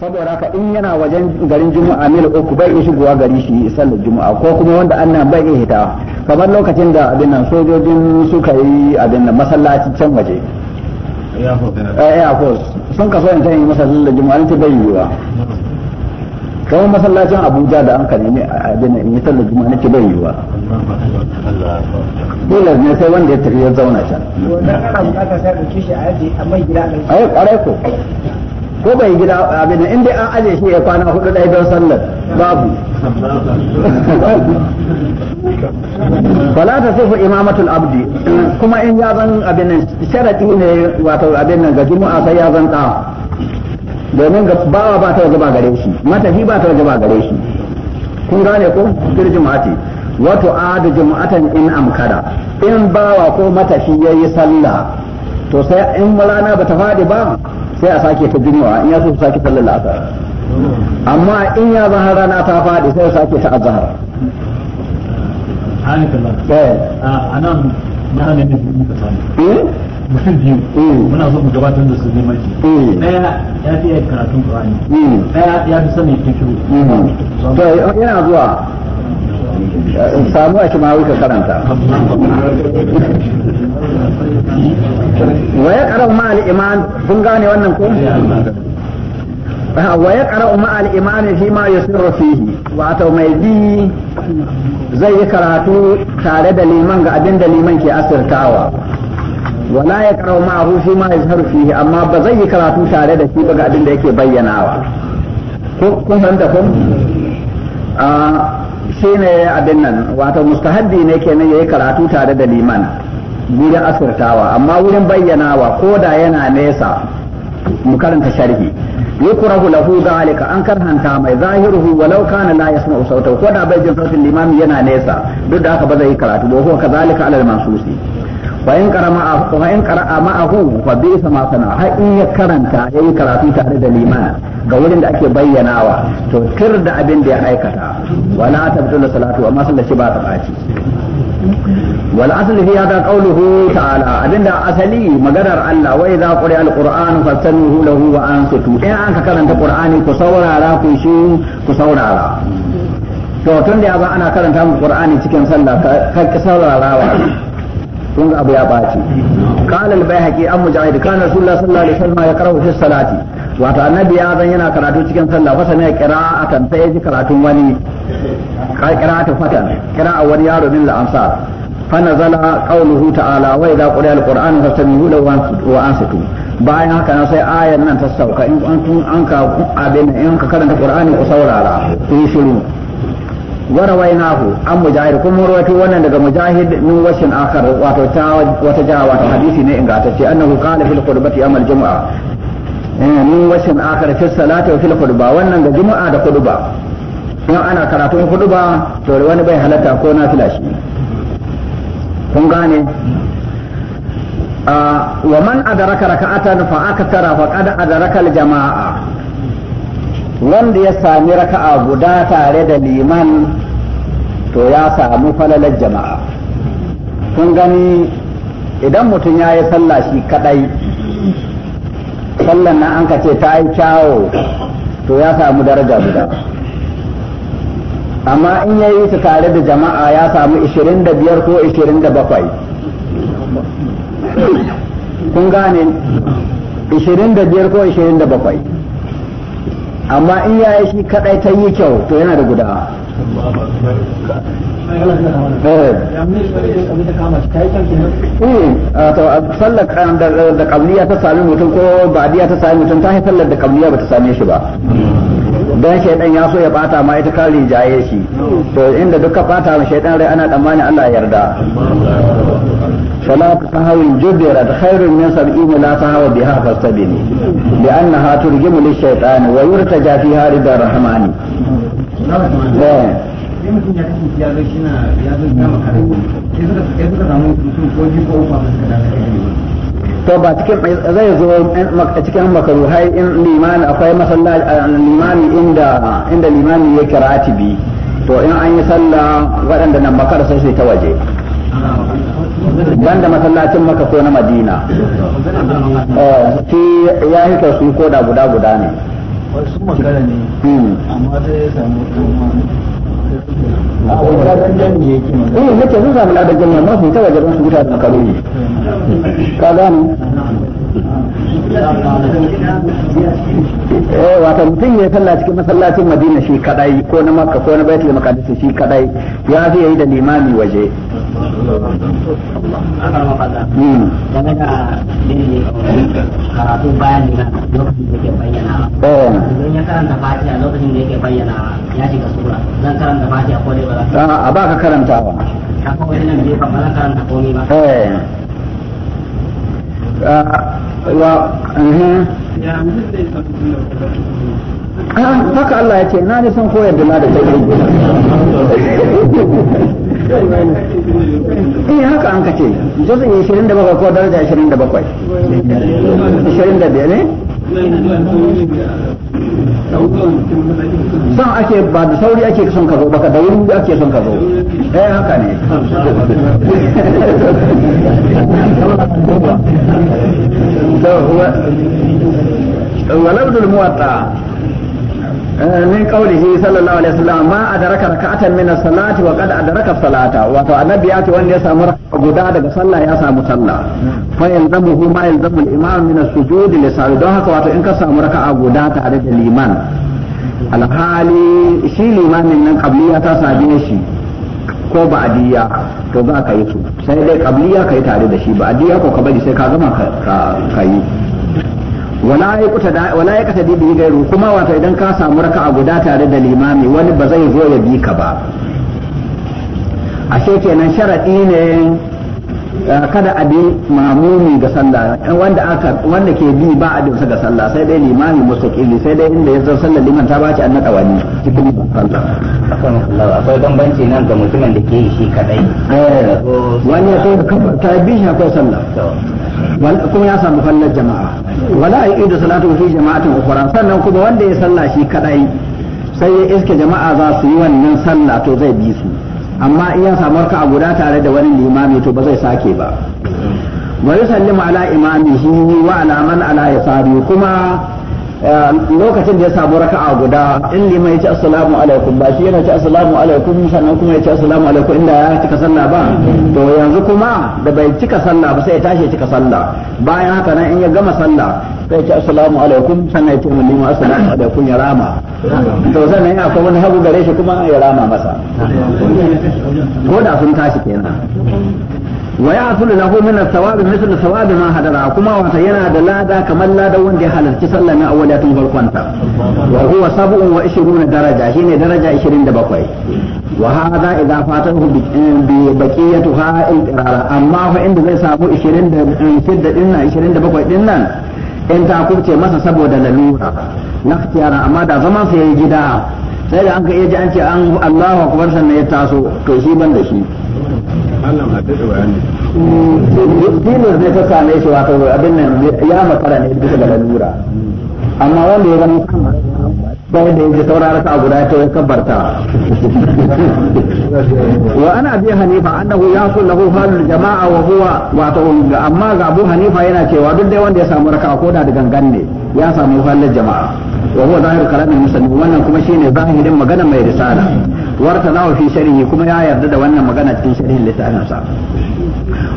saboda haka in yana wajen garin juma'a mil uku bai iya shigowa gari shi sallar juma'a ko kuma wanda annan bai iya hitawa kamar lokacin da abin nan sojojin suka yi abin nan masallaci can waje air force eh, sun kaso in tayi yi masallacin da juma'a ta bai yiwa kamar masallacin abuja da an kare ne abin nan mitar da juma'a ta bai yiwa dole ne sai wanda ya tafi ya zauna can. Wannan ana bukatar sai ka kishi a yaji amma gida a Ai, ƙwarai ko. ko bai gida abin in dai an aje shi ya kwana hudu ɗaya don sallar babu wala ta sifu imamatul abdi kuma in ya zan abin nan sharadi ne wato abin nan ga juma'a sai ya zan ta domin ga bawa ba ta zuba gare shi matafi ba ta zuba gare shi kun gane ko fil juma'ati wato adu juma'atan in amkara in bawa ko matafi yayi sallah to sai in na ba ta fadi ba sai a sake ta juma'a in ya so su sake sallar la'asar amma in ya zahar rana ta faɗi sai a sake ta azhar eh. a nan eh? mutum biyu eh. muna so mu gabatar da su neman shi daya ya fi karatun qur'ani daya ya fi sanin fikihu mm. to yana zuwa samu a shimawi ka karanta wa ya karau ma al'iman kun gane wannan ko wa ya karau ma al'iman fi ma yusirru fihi wato mai bi zai yi karatu tare da liman ga abin da liman ke asirtawa wala ya karau ma ahu fi ma yusirru fihi amma ba zai yi karatu tare da shi ba ga abin da yake bayyanawa kun fahimta kun Shi yi abin nan wato mustahabbi ne kenan yi karatu tare da liman wurin asirtawa amma wurin bayyanawa ko da yana nesa mu karanta sharhi yukrahu lahu zalika an karhanta mai zahiruhu walau kana la yasma'u sautahu ko da bai jin sautin limami yana nesa duk da haka ba zai yi karatu ba ko kazalika alal mansusi fa in qarama fa in qara'a ma'ahu fa bi sama sana har in ya karanta yayi karatu tare da liman ga wurin da ake bayyanawa to tir da abin da ya aikata wala da salatu amma sallar shi ba ta baci wal asli fi hada qawluhu ta'ala abinda asali maganar Allah wa idza quri'a al-qur'an fastami'u lahu wa ansitu in an ka karanta qur'ani ku saurara ku shi ku saurara to tun da ba ana karanta mu qur'ani cikin sallah ka saurarawa kun ga abu ya baci qala al-bayhaqi an mujahid kana rasulullah sallallahu alaihi wasallam ya karahu fi salati wato annabi ya zan yana karatu cikin sallah fa sami qira'atan sai ji karatun wani ta fatan a wani yaro min al-ansar fa nazala qauluhu ta'ala wa idza quriya al-qur'anu fastami'u lahu wa ansitu bayan haka na sai ayar nan ta sauka in an tun an ka abin in ka karanta qur'ani ku saurara ku yi shiru warawainahu an mujahid kuma rawaito wannan daga mujahid min washin akhar wato ta wata jaha wato hadisi ne ingantacce annahu qala fil qurbati amal jumu'a Eh, min wasin akhar fi salati wa fil khutba wannan ga juma'a da khutba in ana karatun khutba to wani bai halatta ko na filashi kun gane ah, wa man adraka raka'atan fa akthara qad adraka al jama'a wanda ya sami raka'a guda tare da liman to ya samu falalar jama'a kun gani idan mutum ya yi sallah shi kadai sallan nan an ka ce ta yi kyawo to ya samu daraja guda amma in ya yi su tare da jama'a ya samu 25 ko 27 kun gane 25 ko 27 amma in ya yi shi kadai ta yi kyau to yana da gudawa. Eh, sallar da kabliya ta sami mutum ko ba'diya ta sami mutum ta sallar da kabliya ba ta same shi ba da shaidan ya so ya bata ma ita jaye shi to inda duka bata ma shaidan rai ana tsammanin Allah ya yarda صلاة سهو جبرت خير من سبعين لا سهو بها فاستبني لأنها ترجم للشيطان ويرتجى فيها رضا الرحمن to ba cikin zai zo cikin makaru hai in limani akwai masallaci limani inda inda limani ya kira tibi to in an yi sallah waɗanda nan makar sai sai ta waje banda masallacin maka ko na madina fi eh, ya hita su ko da guda guda ne wasu magana ne hmm. amma sai ya samu kuma a wani ya sun samu sun su da ka gano eh mutum ya cikin masallacin Madina shi kadai ko na Makka ko na Baitul Maqdis shi kadai ya zai yi da limami waje ana mafaka game da karatu bayan liman lokacin da yake bayyana idan ya karanta fatiha lokacin da yake bayyana ya shiga sura zan karanta fatiha ko dai ba za a ba ka karanta karantawa akwai wani nan bai ba karanta komai ba Eh. haka Allah ya ce na ne son koyar da na da kai eh haka an kace ce 27 ko daraja 27 25 ne son ake ba da sauri ake son ka zo baka da wuri ake son ka zo eh haka ne muwatta Eh, min qaulihi sallallahu alaihi wasallam ma adraka rak'atan min as-salati wa qad adraka as-salata wato annabi ya ce wanda ya samu guda daga sallah ya samu sallah fa yalzamuhu ma yalzamu al-imam min as-sujud li don haka wato in ka samu raka'a guda tare da liman alhali shi limamin nan qabliya ta same shi ko ba'diya to za ka yi su sai dai qabliya kai tare da shi ba'diya ko ka bari sai ka gama ka yi wala ya kasa da gairu kuma wato idan ka samu raka'a guda tare da limami wani ba zai zo ya bi ka ba ashe kenan sharaɗi ne Eh, kada a bi mamumi ga sallah eh, wanda aka wanda ke bi ba a dinsa ga sallah sai dai limami mustaqili sai dai inda ya sallah liman ta baci an nada wani cikin sallah akwai bambanci nan ga mutumin da ke yi shi kadai eh, wani ya kai ta bi shi akwai sallah kuma ya samu fallar jama'a wala a yi da salatu fi jama'atin ukhra sannan kuma wanda ya sallah shi kadai sai ya iske jama'a za su yi wannan sallah to zai bi su amma in ya samu raka'a guda tare da wani limami to ba zai sake ba wa yusallimu ala imamihi wa ala man ala yasari kuma Eh, lokacin da ya samu raka'a guda in lima ya ci assalamu alaikum ba shi yana ci assalamu alaikum sannan kuma ya ci assalamu alaikum inda ya cika sallah ba to yanzu kuma da bai cika sallah ba sai ya tashi ya cika sallah bayan haka nan in ya gama sallah sai ya ci assalamu alaikum sannan ya ce mu lima assalamu alaikum ya rama to sannan ya akwai wani hagu gare shi kuma ya rama masa ko da sun tashi kenan wa ya asulu lahu min as-sawabi mislu sawabi ma hadara kuma wata yana da lada kamar lada wanda ya halarci sallah na awwala tun farkon ta wa huwa 27 daraja shine daraja 27 wa hadha idza fatahu bi baqiyatuha al-qirara amma fa inda zai samu 26 din nan 27 din nan in ta kurce masa saboda lalura na ikhtiyara amma da zaman sa yayi gida sai da an ka iya ji an ce an Allahu akbar sannan ya taso to shi ban da shi Allah a tada bayani dinin zai ka same shi wato abin nan ya makara ne bisa ga lalura amma wanda ya gani bai da yake saurara ta guda ta kabarta wa ana bi hanifa an annahu yaqul lahu halul jama'a wa huwa wato amma ga abu hanifa yana cewa duk dai wanda ya samu raka'a ko da gangan ne ya samu halul jama'a wa huwa zahir kalamin musulmi wannan kuma shine zahirin magana mai risala warta zawo fi sharhi kuma ya yarda da wannan magana cikin sharhin littafin sa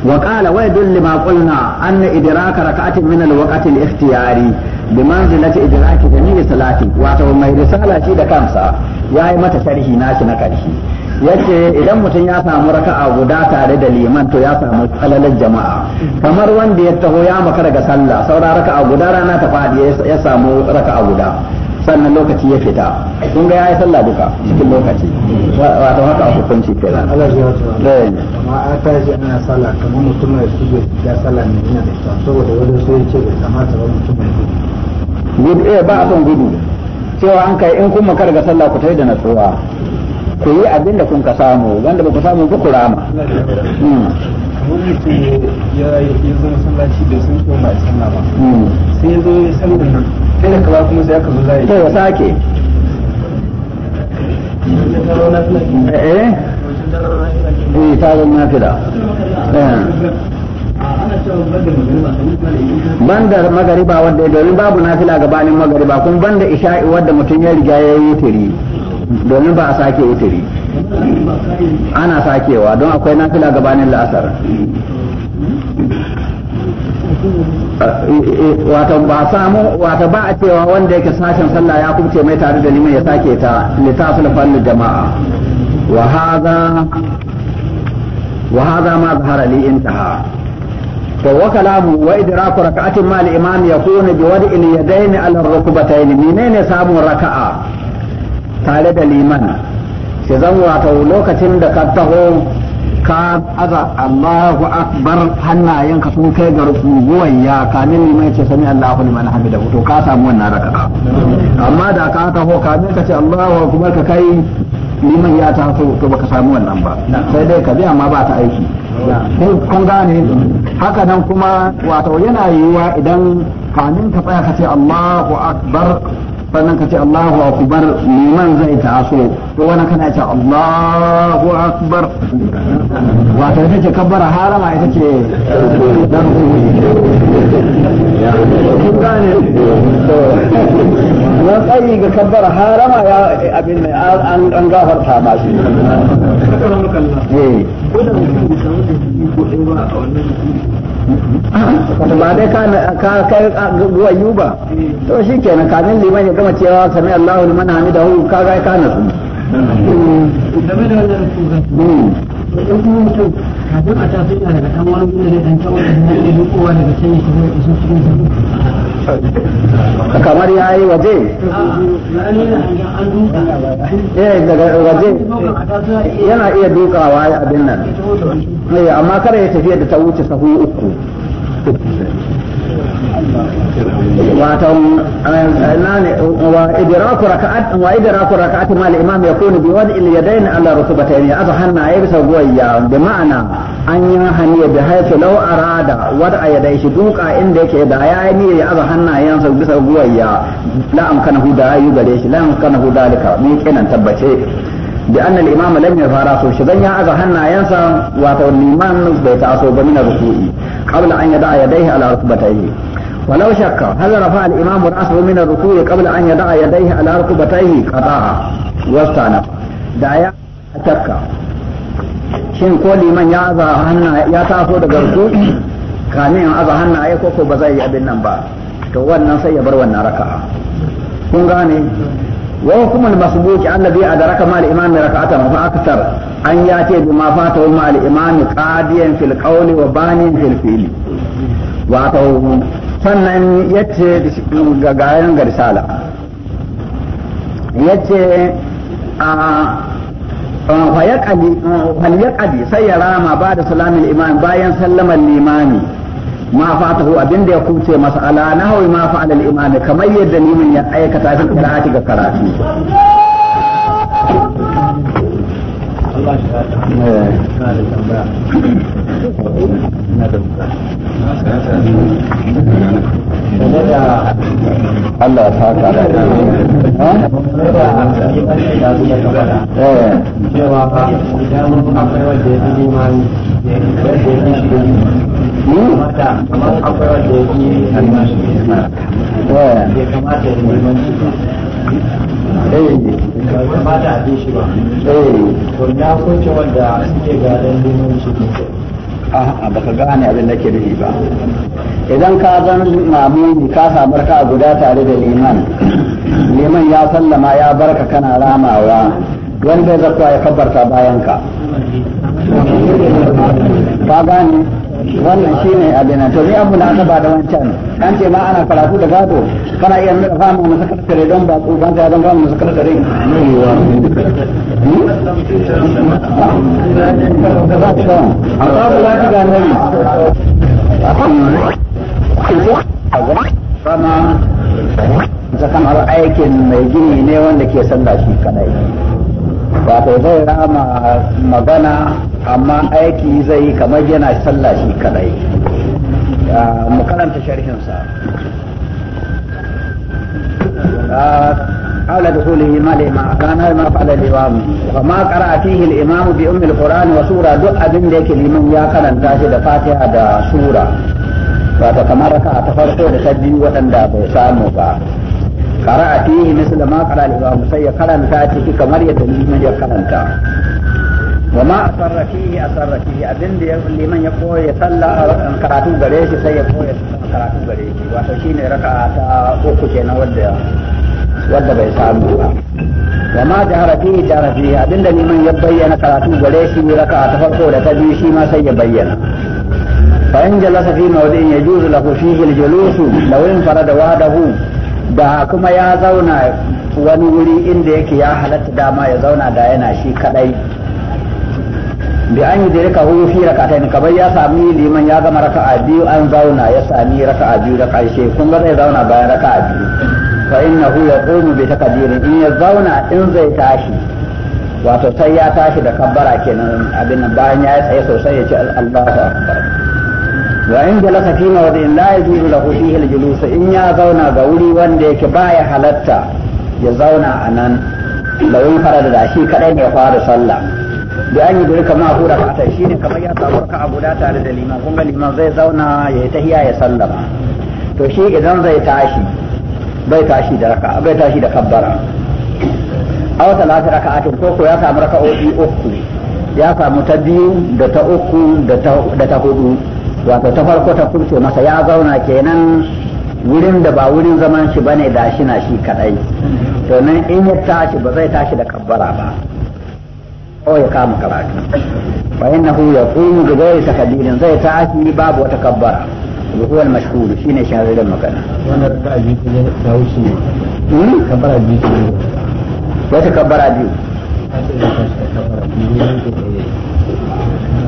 wa qala wa yadullu ma qulna anna idraka rak'atin min al-waqti al-ikhtiyari bi manzilati idraki jami'i salati wato mai risala shi da kansa yayi mata sharhi nashi na karshe yace idan mutum ya samu raka'a guda tare da liman to ya samu alalan jama'a kamar wanda ya taho ya makara ga sallah saura raka'a guda rana ta fadi ya samu raka'a guda sannan lokaci ya fita kun ga yayi sallah duka cikin lokaci wato haka aka kunci kenan Allah ya tsare eh. amma a ta ji ana sallah kamar mutum mai suje ya sallah ne yana da kyau saboda wani so yace bai kamata ba mutum mai gudu eh ba a son gudu cewa an kai in kun makar ga sallah ku tayi da natsuwa ku yi abin da kun ka samu wanda ba ku samu ku kurama hmm. wani ya zo masallaci da sun koma ya sallah ba sai ya zo ya sallah nan da kaba kuma sai aka zo to sake eh eh ta zo nafila eh. bandar magariba wanda domin babu nafila gabanin magariba kuma banda isha'i wadda mutum ya riga ya yi tiri domin ba a sake wuturi ana sakewa don akwai nafila gabanin la'asar eh, eh, wata ba samu wata ba a cewa wanda yake sashen sallah ya kubce mai tare da liman ya sake ta litasul fallu jama'a wa hadha wa hadha ma zahara li intaha وكلامه وإدراك ركعة مع الإمام يكون بوضع اليدين على الركبتين منين samun raka'a? tare da liman sai zan wato lokacin da ka taho ka aza Allahu akbar hannayen ka sun kai ga rukuwan ya kamin liman ce sami Allahu liman da to ka samu wannan raka amma da ka taho kamin ka ce Allahu akbar ka kai liman ya taso to baka samu wannan ba sai dai ka bi amma ba ta aiki kun gane haka nan kuma wato yana yiwuwa idan kamin ka tsaya ka ce Allahu akbar sannan ka ce Allahu akbar liman zai taso to wannan kana ce Allahu akbar wato ita ce kabbara harama ita ce dan kun gane na tsayi ga kabbara harama ya abin an an gafarta ma shi eh ko da mutum ya samu da ko ba a wannan wato ba dai ka kai ga yuba to shi kenan kamin liman ya gama cewa sami Allahu liman hu ka ga ka nasu da wannan kafin a tafi da daga ɗan wani gudu da ɗan tawo da ɗan ɗan kowa daga can ta shigo da sun cikin sabu kamar ya yi waje eh daga waje yana iya dukawa abin nan eh, amma kada ya tafiya da ta wuce sahu uku واتم وإدراك ركعات وإدراك ركعات مع الإمام يكون بوضع اليدين على ركبتين أظهرنا يبس وقويا بمعنى أن ينهني بحيث لو أراد وضع يديه شدوك عندك دعياني أظهرنا ينصر بس وقويا لا أمكنه دعي يقليش لا أمكنه ذلك ميكنا تبتشي بأن الإمام لم يظهر سوشي زن يا أظهرنا ينصر واتو الإمام بيتعصوا من الركوع قبل أن يدع يديه على ركبتيه ولو شك هل رفع الإمام رأسه من الركوع قبل أن يضع يديه على ركبتيه قطعها واستأنف دعيا أتكا شن كولي من يأذى هنا يتأخو دقرسو كان يأذى هنا يكوكو بزي أبن نمبا توان نصي بروان ركعة كن غاني وهكم المسبوك الذي أدرك مع الإمام ركعة فأكثر أن يأتي بما فاته مع الإمام قاديا في القول وبانيا في الفيل وأتوه sannan ya ce ga gayan ga risala ya ce a falyakadi sai ya rama ba da salamin imani bayan sallamar limami ma fatahu abinda ya kuce masa ala na hawi ma fa'ala imani kamar yadda limin ya aikata fi qira'ati ga karatu Allah ya saka da cewa fa idan akwai wanda ya ya shi mata kamar akwai wanda ya ya kamata ya shi ba shi ba to na kunce wanda suke shi a'a baka gane abin da ke nufi ba idan ka zan mamuni ka samar ka guda tare da liman liman ya sallama ya barka kana ramawa wani bai zakwa ya kabbarta bayan ka ka gane wannan shi ne abin to ni abu na aka ba da wancan an ce ma ana karatu da gado kana iya nuna fama mu saka don ba don ba mu saka kare hmm? Allah ya ga nabi sama zakan al'aikin mai gini ne wanda ke sallah shi wato zai rama magana amma aiki zai yi kamar yana sallah shi kadai mu karanta sharhinsa قال دخوله ما لما كان ما فعل الإمام وما قرأ فيه الإمام بأم القرآن وسورة دعا بن ذيك الإمام يا كان تاجد فاتحة دا سورة وتكمرك أتفرقوا لسجي وتندابوا ساموا قرأ فيه مثل ما قرأ الإمام قرأ قرن في كمرية من يقرأ وما أصر فيه أصر فيه أبن لمن يقول يصلى قرأته غريش سيقول قرأته غريش وحشين ركعة أوكو كينا ودى ودى بيسامو وما جهر فيه جهر فيه أبن لمن يبين قرأته غريش ركعة فرقو لتبيشي ما سيبين فإن جلس في موضع يجوز له فيه الجلوس لو انفرد وعده da kuma ya zauna wani wuri inda yake ya halatta dama ya zauna da yana shi kadai bi an yi dirka huyu fi rak'atayn kamar ya sami liman ya gama raka biyu an zauna ya sami a biyu da karshe kun ga zai zauna bayan raka biyu fa ya yaqumu bi takbirin in ya zauna in zai tashi wato sai ya tashi da kabbara kenan abin nan bayan ya tsaye sosai ya ce Allahu akbar wa in jalasa fi mawdi'in la yajuzu lahu fihi al-julus in ya zauna ga wuri wanda yake baya halatta ya zauna a nan lawin farada da shi kadai ne fara sallah da an yi dirka ma hura ta shi ne kamar ya samu ka abu da tare da liman kun ga liman zai zauna ya yi tahiya ya sallama to shi idan zai tashi bai tashi da raka bai tashi da kabbara aw talata raka'atin ko ko ya samu raka'o'i uku ya samu ta biyu da ta uku da ta hudu wato ta farko ta furce masa ya zauna kenan wurin da ba wurin zaman shi bane da shi na shi kadai to nan in ya tashi ba zai tashi da kabbara ba ko ya kama karatu fa innahu yaqumu bi ghairi takbirin zai tashi babu wata kabbara wa huwa al-mashhur shine shahararren magana wannan da biyu ne da hmm? ne kabbara biyu ne wata kabbara biyu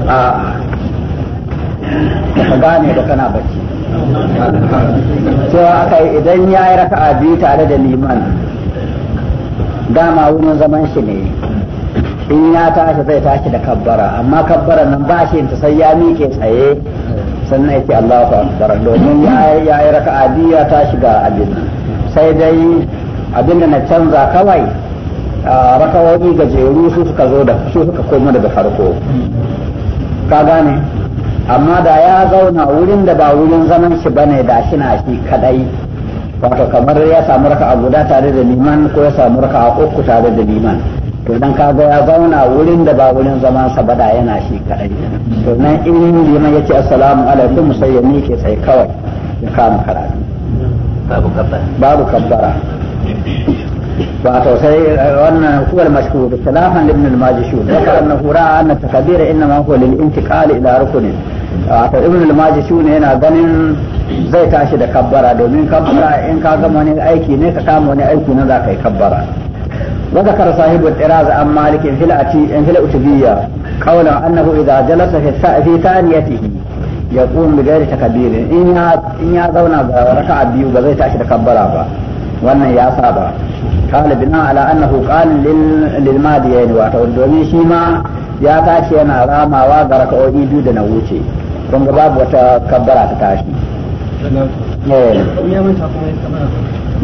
a ka gane da kana bacci cewa aka yi idan ya yi raka'a biyu tare da liman dama wurin zaman shi ne in ya tashi zai tashi da kabbara amma kabbara nan ba shi ta sai ya miƙe tsaye sannan yake Allahu akbar domin ya yi raka'a biyu ya tashi ga abin sai dai abin da na canza kawai ga gajeru su suka zo da su suka koma daga farko ka gane amma da ya zauna wurin da ba wurin zaman shi bane da shi na shi kadai wato kamar ya samu raka a guda tare da liman ko ya samu raka a uku tare da liman to dan kaga ya zauna wurin da ba wurin zaman sa bada yana shi kadai to nan in liman yace assalamu alaikum sai ya miƙe sai kawai ya kama karatu babu kabbara babu kabbara wato sai wannan huwa al-mashhur khilafan ibn al-majshur dakara annahu ra'a anna takbira inma huwa lil-intiqal ila rukunin a ibn al-maji shine yana ganin zai tashi da kabbara domin kabbara in ka ga wani aiki ne ka kama wani aiki na za ka yi kabbara wa zakara sahibu al-iraz an malik in fil ati in fil utubiyya qawla annahu idha jalasa fi sa'fi taniyatihi yaqum bi ghairi takbir in ya in ya zauna ga raka'a biyu ba zai tashi da kabbara ba wannan ya saba kana bina ala annahu qala lil lil madiyani wa ta'udduni shima ya tashi yana ramawa ga raka'o'i biyu da na wuce kun ga babu wata kabbara ta tashi eh.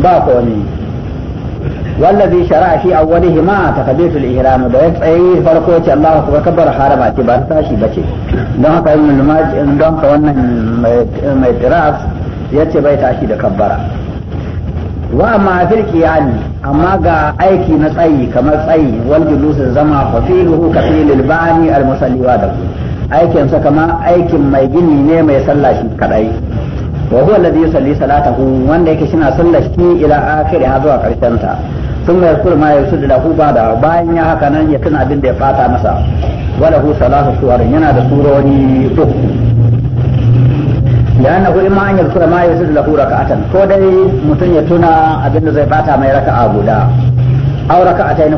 ba ko ne wallazi shara'a shi awwalihima takbiratul ihram da ya tsaye farko ce Allahu ku kabbar harama ce ba tashi bace don haka yin lumaji don ka wannan mai tiras yace bai tashi da kabbara wa ma fil qiyam amma ga aiki na tsayi kamar tsayi wal julusu zama fa filuhu kafilul bani al musalliwa da ku aikinsa kama aikin mai gini ne mai sallah shi kadai wa huwa alladhi yusalli salatahu wanda yake na sallah shi ila akhiri har zuwa karshen ta sun mai kullu ma yusudu lahu bada bayan ya haka nan ya tuna abin da ya fata masa wa lahu salatu suwar yana da ma suroni uku لأنه إما أن يذكر ما يزيد له ركعة كودي متن يتنا أبن زي باتا ما يركع أبودا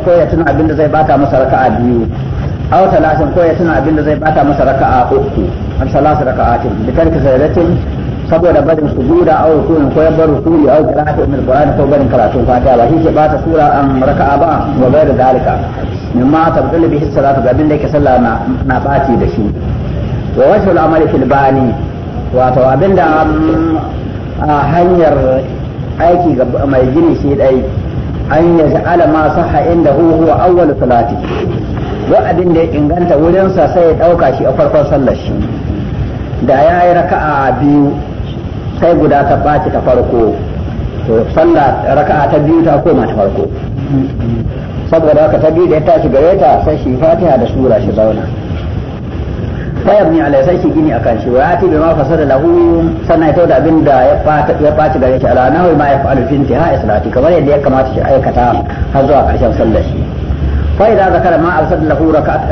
ko ya tuna abin da zai bata masa raka'a biyu. aw talatin ko ya abinda zai bata masa raka'a uku har salasa raka'atin bi tarki sayyidatin saboda barin sujuda aw rukunin ko yabar rukuni aw qira'atin min qur'ani ko barin karatun fatiha ba shi ke bata sura an raka'a ba wa ghayr dalika mimma tabdil bihi salatu ga abinda yake sallah na baci da shi wa wajhul amali fil bani a hanyar aiki ga mai gini shi dai an yaj'ala ma sahha inda a awwal salatihi duk abin da ya inganta wurinsa sai ya ɗauka shi a farkon sallar shi da ya yi raka'a biyu sai guda ta ɓaci ta farko to sallah raka'a ta biyu ta koma ta farko saboda haka ta biyu da ya tashi gare ta sai shi fatiha da sura shi zauna fayar ni alai sai shi gini a kan shi wa yati bima fasada lahu sannan ya tauda abin da ya ɓaci ya ɓaci gare shi ala nawi ma ya fa'alu fi intihai salati kamar yadda ya kamata shi aikata har zuwa ƙarshen sallar shi فإذا ذكر ما أرسل له ركعة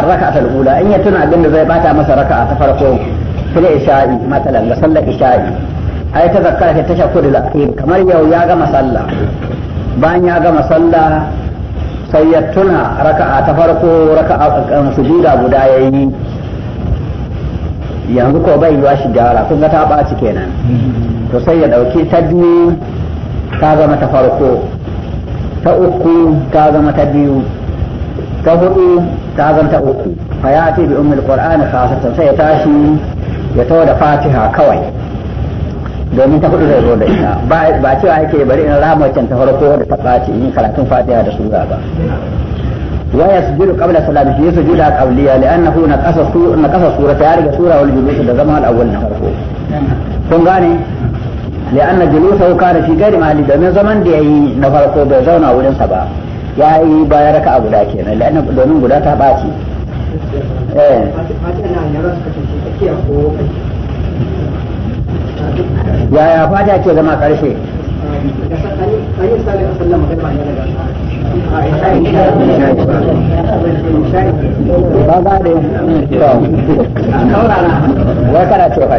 الركعة الأولى إن يتنع بأنه زي باتا مسا ركعة تفرقه في الإشاء مثلا وصلى الإشاء أي تذكر في التشكر الأخير كما يو ياغا مسلا بان ياغا مسلا سيتنع ركعة تفرقه ركعة ta farko yanzu ko bai yiwa shi gyara kun ga ta ɓaci kenan to sai ya ɗauki tadmi ta zama ta farko ta uku ta zama ta biyu ta hudu ta zama ta uku fa ya ce bi ummul qur'ani khasatan sai ya tashi ya tawo da fatiha kawai domin ta hudu zai zo da ita ba cewa yake bari in rama can ta farko da ta ɓaci yin karatun fatiha da sura ba wa yasjudu qabla salati shi sujuda qabliya li'annahu naqasa sura naqasa sura ta rige sura wal julus da zama al-awwal na farko kun gane لأن جلوسه كان في غير محل domin zaman da yayi na farko bai zauna wurin sa ba ya yi baya raka a guda kenan la'anna domin guda ta baci eh yaya fata ba ba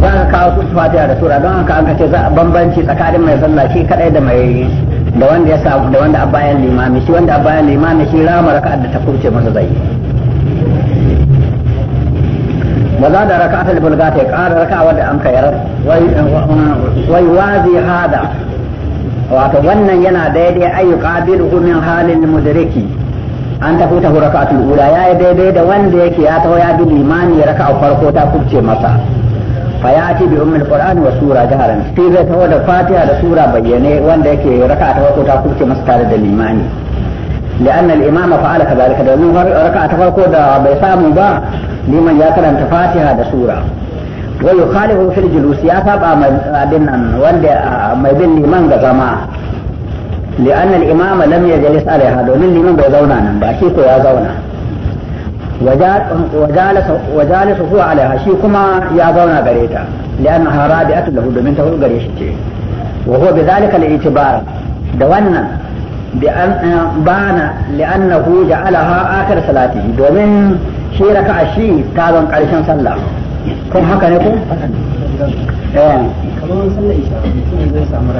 za ka kawo su fatiha da sura don haka an ce za a bambanci tsakanin mai sallah shi kadai da mai da wanda ya samu da wanda abayan limami shi wanda abayan limami shi rama raka'a da ta kurce masa zai ba za da raka'a ta bulgata ya ƙara raka'a wadda an kayar wai wazi hada wato wannan yana daidai ayu bil min halin mudriki an tafi ta raka'atul ula yayi daidai da wanda yake ya tawo ya bi limami raka'a farko ta kurce masa fayati bi ummul qur'an wa sura jaharan shi zai ta da fatiha da sura bayyane wanda yake raka'a ta farko ta kurce masa tare da limani da anna al-imama fa'ala kadhalika da mun raka'a ta farko da bai samu ba liman ya karanta fatiha da sura wa yukhalifu fil julus ya saba abin nan wanda mai bin liman ga zama imama yajlis alaiha domin liman bai zauna nan ba shi ko ya zauna. wajalisa huwa alaiha shi kuma ya zauna gare ta li'annaha rabi'atu lahu domin ta gare shi ce wa huwa bidhalika al-i'tibar da wannan bi an bana li'annahu ja'alaha akhir domin shi raka'a shi ta zan karshen sallah haka ne zai samu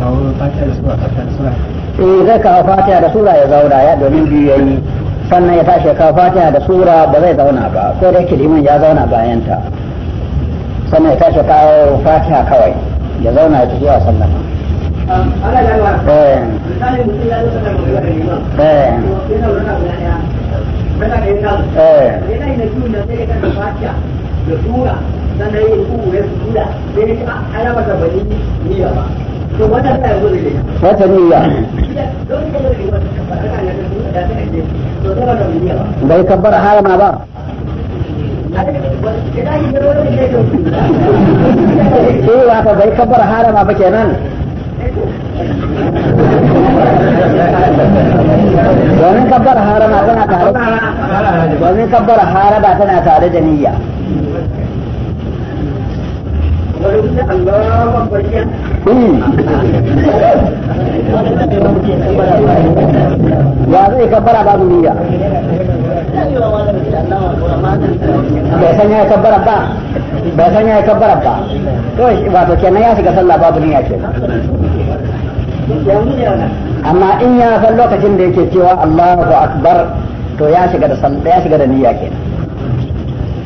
kawo da da in eh, zai kawo fatiha da sura ya zauna ya domin biyu ya yi sannan ya tashi ya kawo fatiha da sura ba zai zauna ba ko da yake liman ya zauna bayan ta sannan ya tashi ya kawo fatiha kawai ya zauna ya tafi wa sallama da sura sannan ya yi kuma ya sura sai ya ci ah, alamar da bani niyya ba wata niyya bai kabbara ma ba cewa ka bai kabbara ma ba kenan domin kabbara harama tana tare domin kabbara harama tana tare da niyya ya zai kabbara babu niyya bai san ya kabbara ba bai san ya kabbara ba ba wato kenan ya shiga sallah babu niyya ke amma in ya san lokacin da yake cewa Allahu akbar to ya shiga da ya shiga da niyya kenan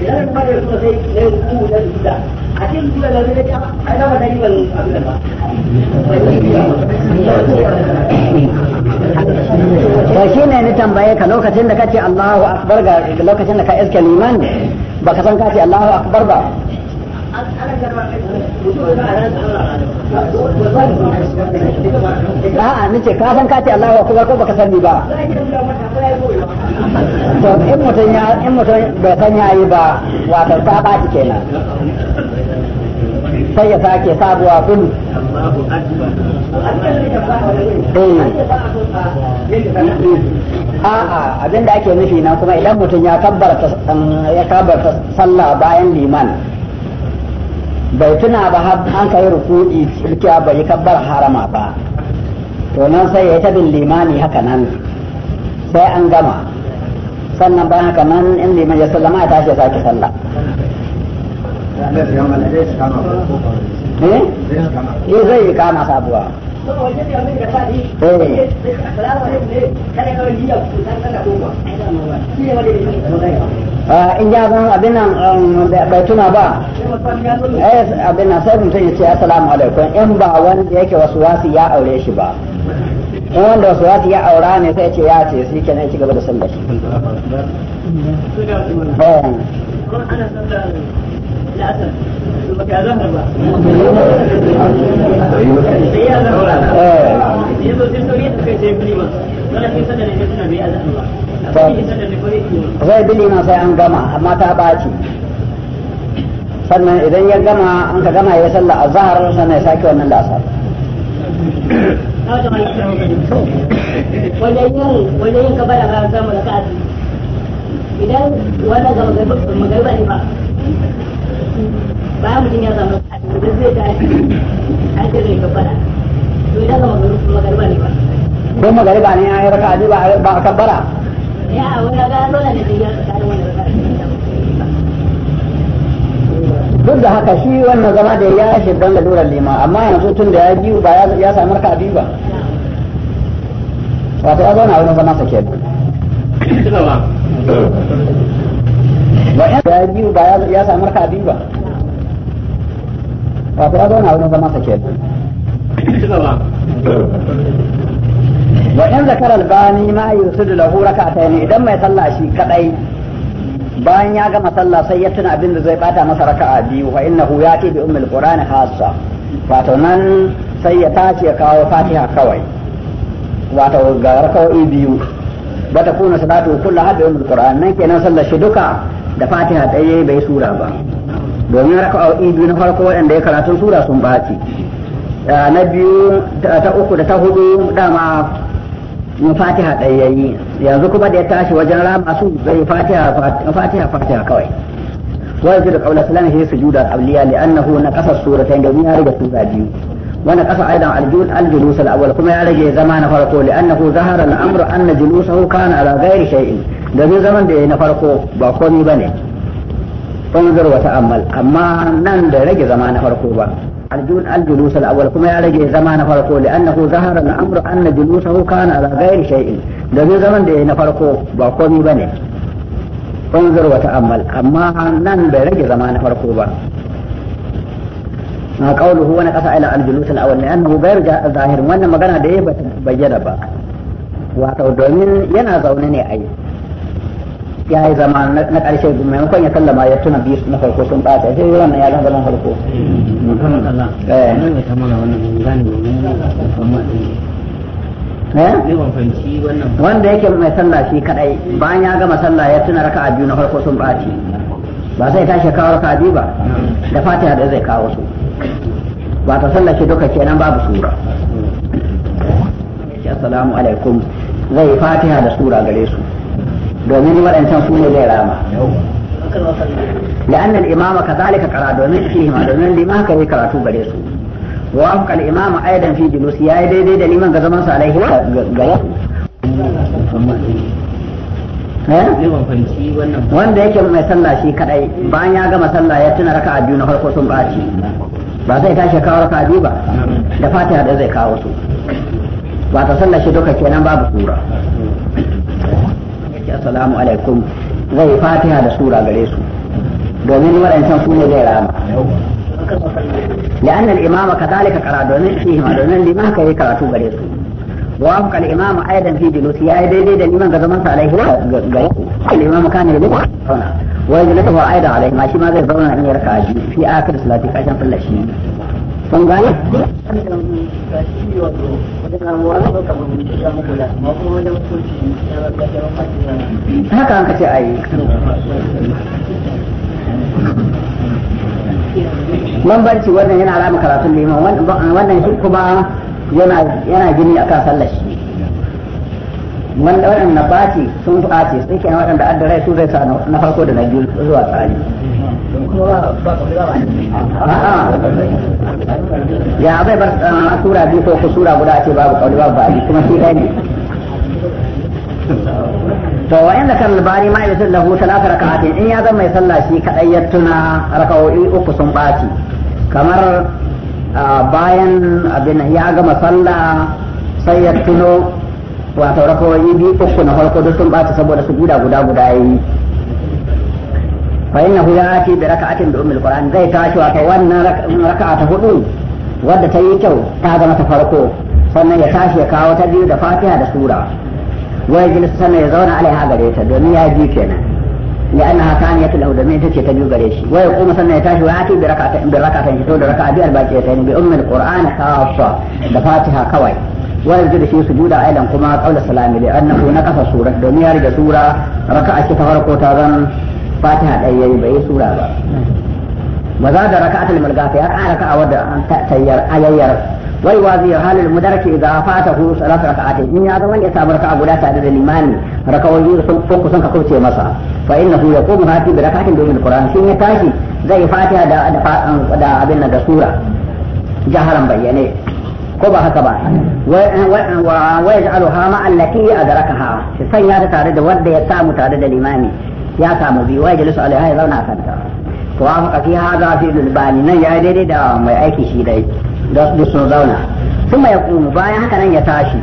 idan kuma da suna sai na yi rubu na rubuta a cikin kula da zai ta ai na mata riban abin da ba ba shi ne ni tambaye ka lokacin da kace Allahu akbar ga lokacin da ka iske liman baka san kace Allahu akbar ba a'a nace ka san ka ce Allahu akbar ko baka sani ba to in mutum ya in mutum bai san yayi ba wato ta baci kenan sai ya sake sabuwa kullu eh. a'a abin da ake nufi nan kuma idan mutum ya kabbarta ya kabbarta sallah bayan liman bai tuna ba an kai ruku'i cewa bai yi kabbar harama ba to nan sai ya tabin limani haka nan sai an gama sannan ba haka nan in liman ya sallama ya tashi ya sake sallah eh, eh zai yi kama sabuwa eh Ah, in ya zan abin nan um, bai tuna ba eh, abin nan sai mutum ya ce assalamu alaikum in ba wanda yake wasu wasu ya aure shi ba in wanda wasu wasu ya aura ne sai ce ya ce su ke nan ci gaba da sallar eh. eh. shi zai bili ma sai an gama amma ta ɓaci sannan idan ya gama an ka gama ya sallah a zahar sannan ya sake wannan lasar wajen yin kabara ba samu da ka'adu idan wannan ga magariba ne ba ba bayan mutum ya samu ka'adu zai tashi a cikin kabara to idan ga magariba ne ba ko magariba ne ya yi raka'a ba a kabbara duk da haka shi wannan zama da ya shiga da lura lima amma yanzu tun da ya biyu ba ya sami raka biyu ba wato ya zauna wurin zama sake ba ya biyu ba ya sami raka biyu ba wato ya zauna wurin zama sake wa in zakara albani ma yusudu lahu raka'atayn idan mai sallah shi kadai bayan ya gama sallah sai ya tuna abin da zai bata masa raka'a biyu wa innahu yati bi ummil qur'ani khassa wato nan sai ya tace ya kawo fatiha kawai wato ga raka'o'i biyu ba ta kuna salatu kullu hadda ummil qur'an nan kenan sallar shi duka da fatiha daya bai sura ba domin raka'o'i biyu na farko waɗanda ya karatun sura sun baci ah, na biyu ta uku da ta hudu dama in fatiha ɗaya ya yi yanzu kuma da ya tashi wajen rama su zai fatiha fatiha fatiha kawai wajen da kaula salam shi sujuda qabliya li annahu sura ta domin ya rage sura biyu wa kasa aidan aljul aljulus alawwal kuma ya rage zama na farko li annahu zahara al-amru anna julusahu kana ala ghairi shay'in domin zaman da yayi na farko ba komai bane fanzar wa ta'ammal amma nan da rage zama na farko ba الجلوس الأول كما يعالج زمان فرقه لأنه ظهر الأمر أن جلوسه كان على غير شيء لذي زمان دي نفرقه بقومي بني انظر وتأمل أما نن برج زمان فرقه با ما قوله هو نقص الى الجلوس الأول لأنه غير ظاهر وأن مغنى دي بيجنبا واتو دومين ينا زونني أي ya yi zama na ƙarshe maimakon ya sallama ya tuna biyu na farko sun ɓata sai wannan ya zama zaman farko. Eh. Eh? wanda yake mai sallah shi kadai bayan ya gama sallah ya tuna raka'a biyu na farko sun ɓaci ba sai tashi kawo raka'a biyu ba da fatiha da zai kawo su ba ta sallah shi duka kenan babu sura assalamu alaikum zai fatiha da sura gare su domin waɗancan su ne zai rama لأن الإمام كذلك قرأ دومين فيهما دومين لما كوي قرأتو بريسو ووافق الإمام أيضا في جلوس يا دي دي دي لمن قزمان عليه قرأتو wanda yake mai sallah shi kadai bayan ya gama sallah ya tuna raka'a biyu na farko sun baci ba zai tashi kawo raka'a biyu ba da fatiha da zai kawo su ba ta sallah shi kenan babu kura. ce assalamu alaikum zai fatiha da sura gare su domin waɗancan su ne zai rama لأن الإمام كذلك قرأ دونين فيهما دونين لما كي قرأتوا غريسو وافق الإمام أيضا في جلوسه يا دي دي الإمام قدمت عليه غريسو الإمام كان يجلس هنا ويجلسه أيضا عليه ماشي ما غير ضرورة أن يركع في آخر صلاتك عشان في الأشياء فنقال haka an a yi bambanci wannan yana alama karatun liman wannan shi kuma yana gini akan sallar shi wannan na baci sun fi ace sai kenan waɗanda adda rai su zai sa na farko da na biyu zuwa tsari ya bai bar sura biyu ko kusura guda ce babu kauli babu ba'adi kuma shi ɗaya ne to wa inda kan albari ma yi sun lahu talata raka'atin in ya zama mai sallah shi kaɗai ya tuna raka'o'i uku sun ɓaci kamar bayan abin ya gama sallah sai ya tuno wato raka'o'i biyu uku na farko duk sun ɓaci saboda su guda guda guda yi فإنه يأتي بركعة بأم القرآن زي تاشوا فوانا ركعة فؤول ودى تيكو تعظم تفرقو سنة يتاشي كاو تبيو دفاتي هذا سورة ويجل السنة يزون عليها بريتا دمية جيكينا لأنها ثانية له دمية تشي تجو بريشي ويقوم سنة يتاشي ويأتي بركعة بركعة تشتود ركعة دي الباجيتين بأم القرآن خاصة دفاتها كوي ويجل شي سجود أيضا قمار قول السلام لأنه نقص سورة دمية رجل سورة ركعة تفرقو تاظم fatiha ɗaya yayi bai sura ba wa za da raka'atul malgafi ya ƙara ka wadda an tayyar ayayyar wai wa zai halil mudaraki idza fatahu salatu raka'atin in ya zama ya samu raka'a guda tare da limani rakawoyi sun ko kusan ka kauce masa fa innahu yaqumu hati bi raka'atin domin qur'an shin ya tashi zai fatiha da da abin nan da sura jaharan bayyane ko ba haka ba wa ya ja'alu ha ma allati adrakaha shi sanya ta tare da wanda ya samu tare da limami ya samu biyu wai jalisu alaiha ya zauna a kanta ko wa maka fi hada fi lulbani nan ya daidai da mai aiki shi dai da su sun zauna kuma ya kuma bayan haka nan ya tashi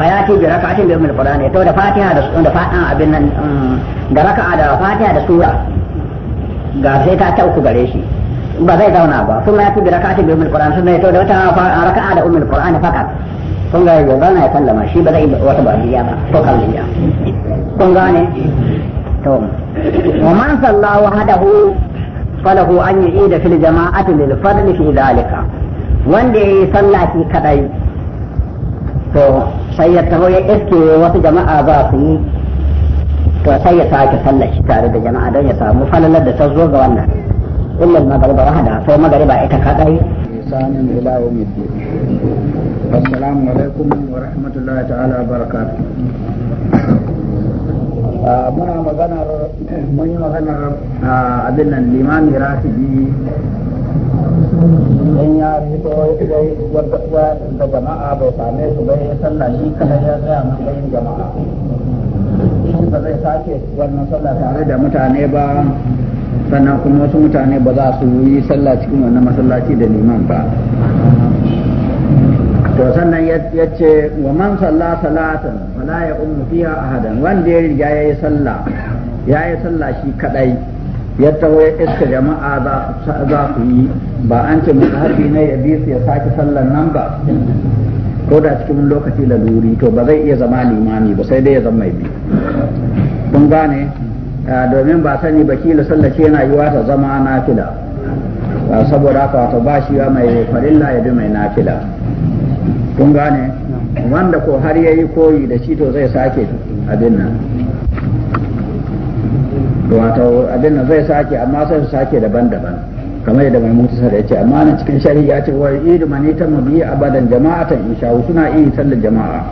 fayati bi raka'atin bi ummul qur'ani ya da fatiha da da fatan abin nan um, da raka'a da fatiha da sura ga sai ta ta uku gare shi ba zai zauna ba kuma ya fi bi raka'atin bi ummul qur'ani sunna to da wata raka'a da ummul qur'ani fakat kun ga ya zauna ya sallama shi ba zai wata ba ba ko kallon ya kun gane التوم ومن صلى وحده فله أن يعيد في الجماعة للفضل في ذلك wanda ya yi sallah shi kadai to sai ya taho ya iske wasu jama'a ba su yi to sai ya sake sallah tare da jama'a don ya samu falalar da ta ga wannan illa magariba wahada sai magariba ita kadai sanin ila yawmiddin assalamu alaikum wa rahmatullahi ta'ala wa barakatuh Ah, muna maganar eh, mun yi maganar ah, abin nan limami rashidi in ya fito wata wai da jama'a bai same su bai sallah shi kada ya tsaya matsayin jama'a shi ba zai sake wannan sallah tare da mutane ba sannan kuma wasu mutane ba za su yi sallah cikin wannan masallaci da liman ba to sannan ya ce wa man salla salatan fala ya ummu fiha ahadan wanda ya riga yayi sallah yayi salla shi kadai ya tawo ya iska jama'a za ku yi ba an ce musahabi ne ya bi su ya sake sallan nan ba ko da cikin lokaci laluri to ba zai iya zama limami ba sai dai ya zama mai bi kun gane domin ba sani ba kila ce yana yiwa ta zama nafila saboda haka wato ba shi mai farilla ya bi mai nafila kun gane wanda ko har yayi koyi da shi to zai sake abin nan wato abin nan zai sake amma sai su sake daban-daban kamar yadda mai mutu da yace amma nan cikin shari'a ya ce wa idu mani ta mabi abadan jama'atan insha suna iya sallar jama'a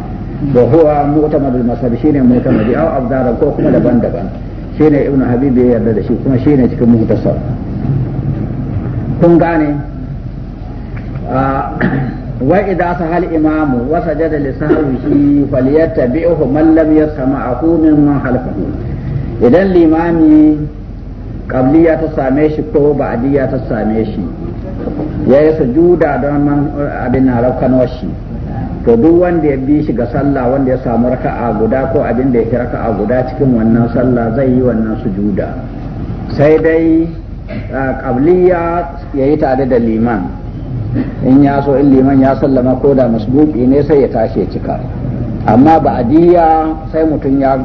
wa huwa mu'tamadul masab shine mu'tamadi aw abdara ko kuma daban-daban shine ibnu habibi ya yarda da shi kuma shine cikin mutasar kun gane ah, wa idza sahal imam wa sajada li sahwihi falyattabi'hu man lam yasma'ahu mimman halfahu idan limami qabliya ta same shi ko ba'diya ta same shi yayi sujuda don man abin na rakan to duk wanda ya bi shi ga sallah wanda ya samu raka'a guda ko abin da ya fi raka'a guda cikin wannan sallah zai yi wannan sujuda sai dai ah, qabliya yayi tare da liman in ya so in liman ya sallama ko da masbuki ne sai ya tashi cika amma ba adiya sai mutum ya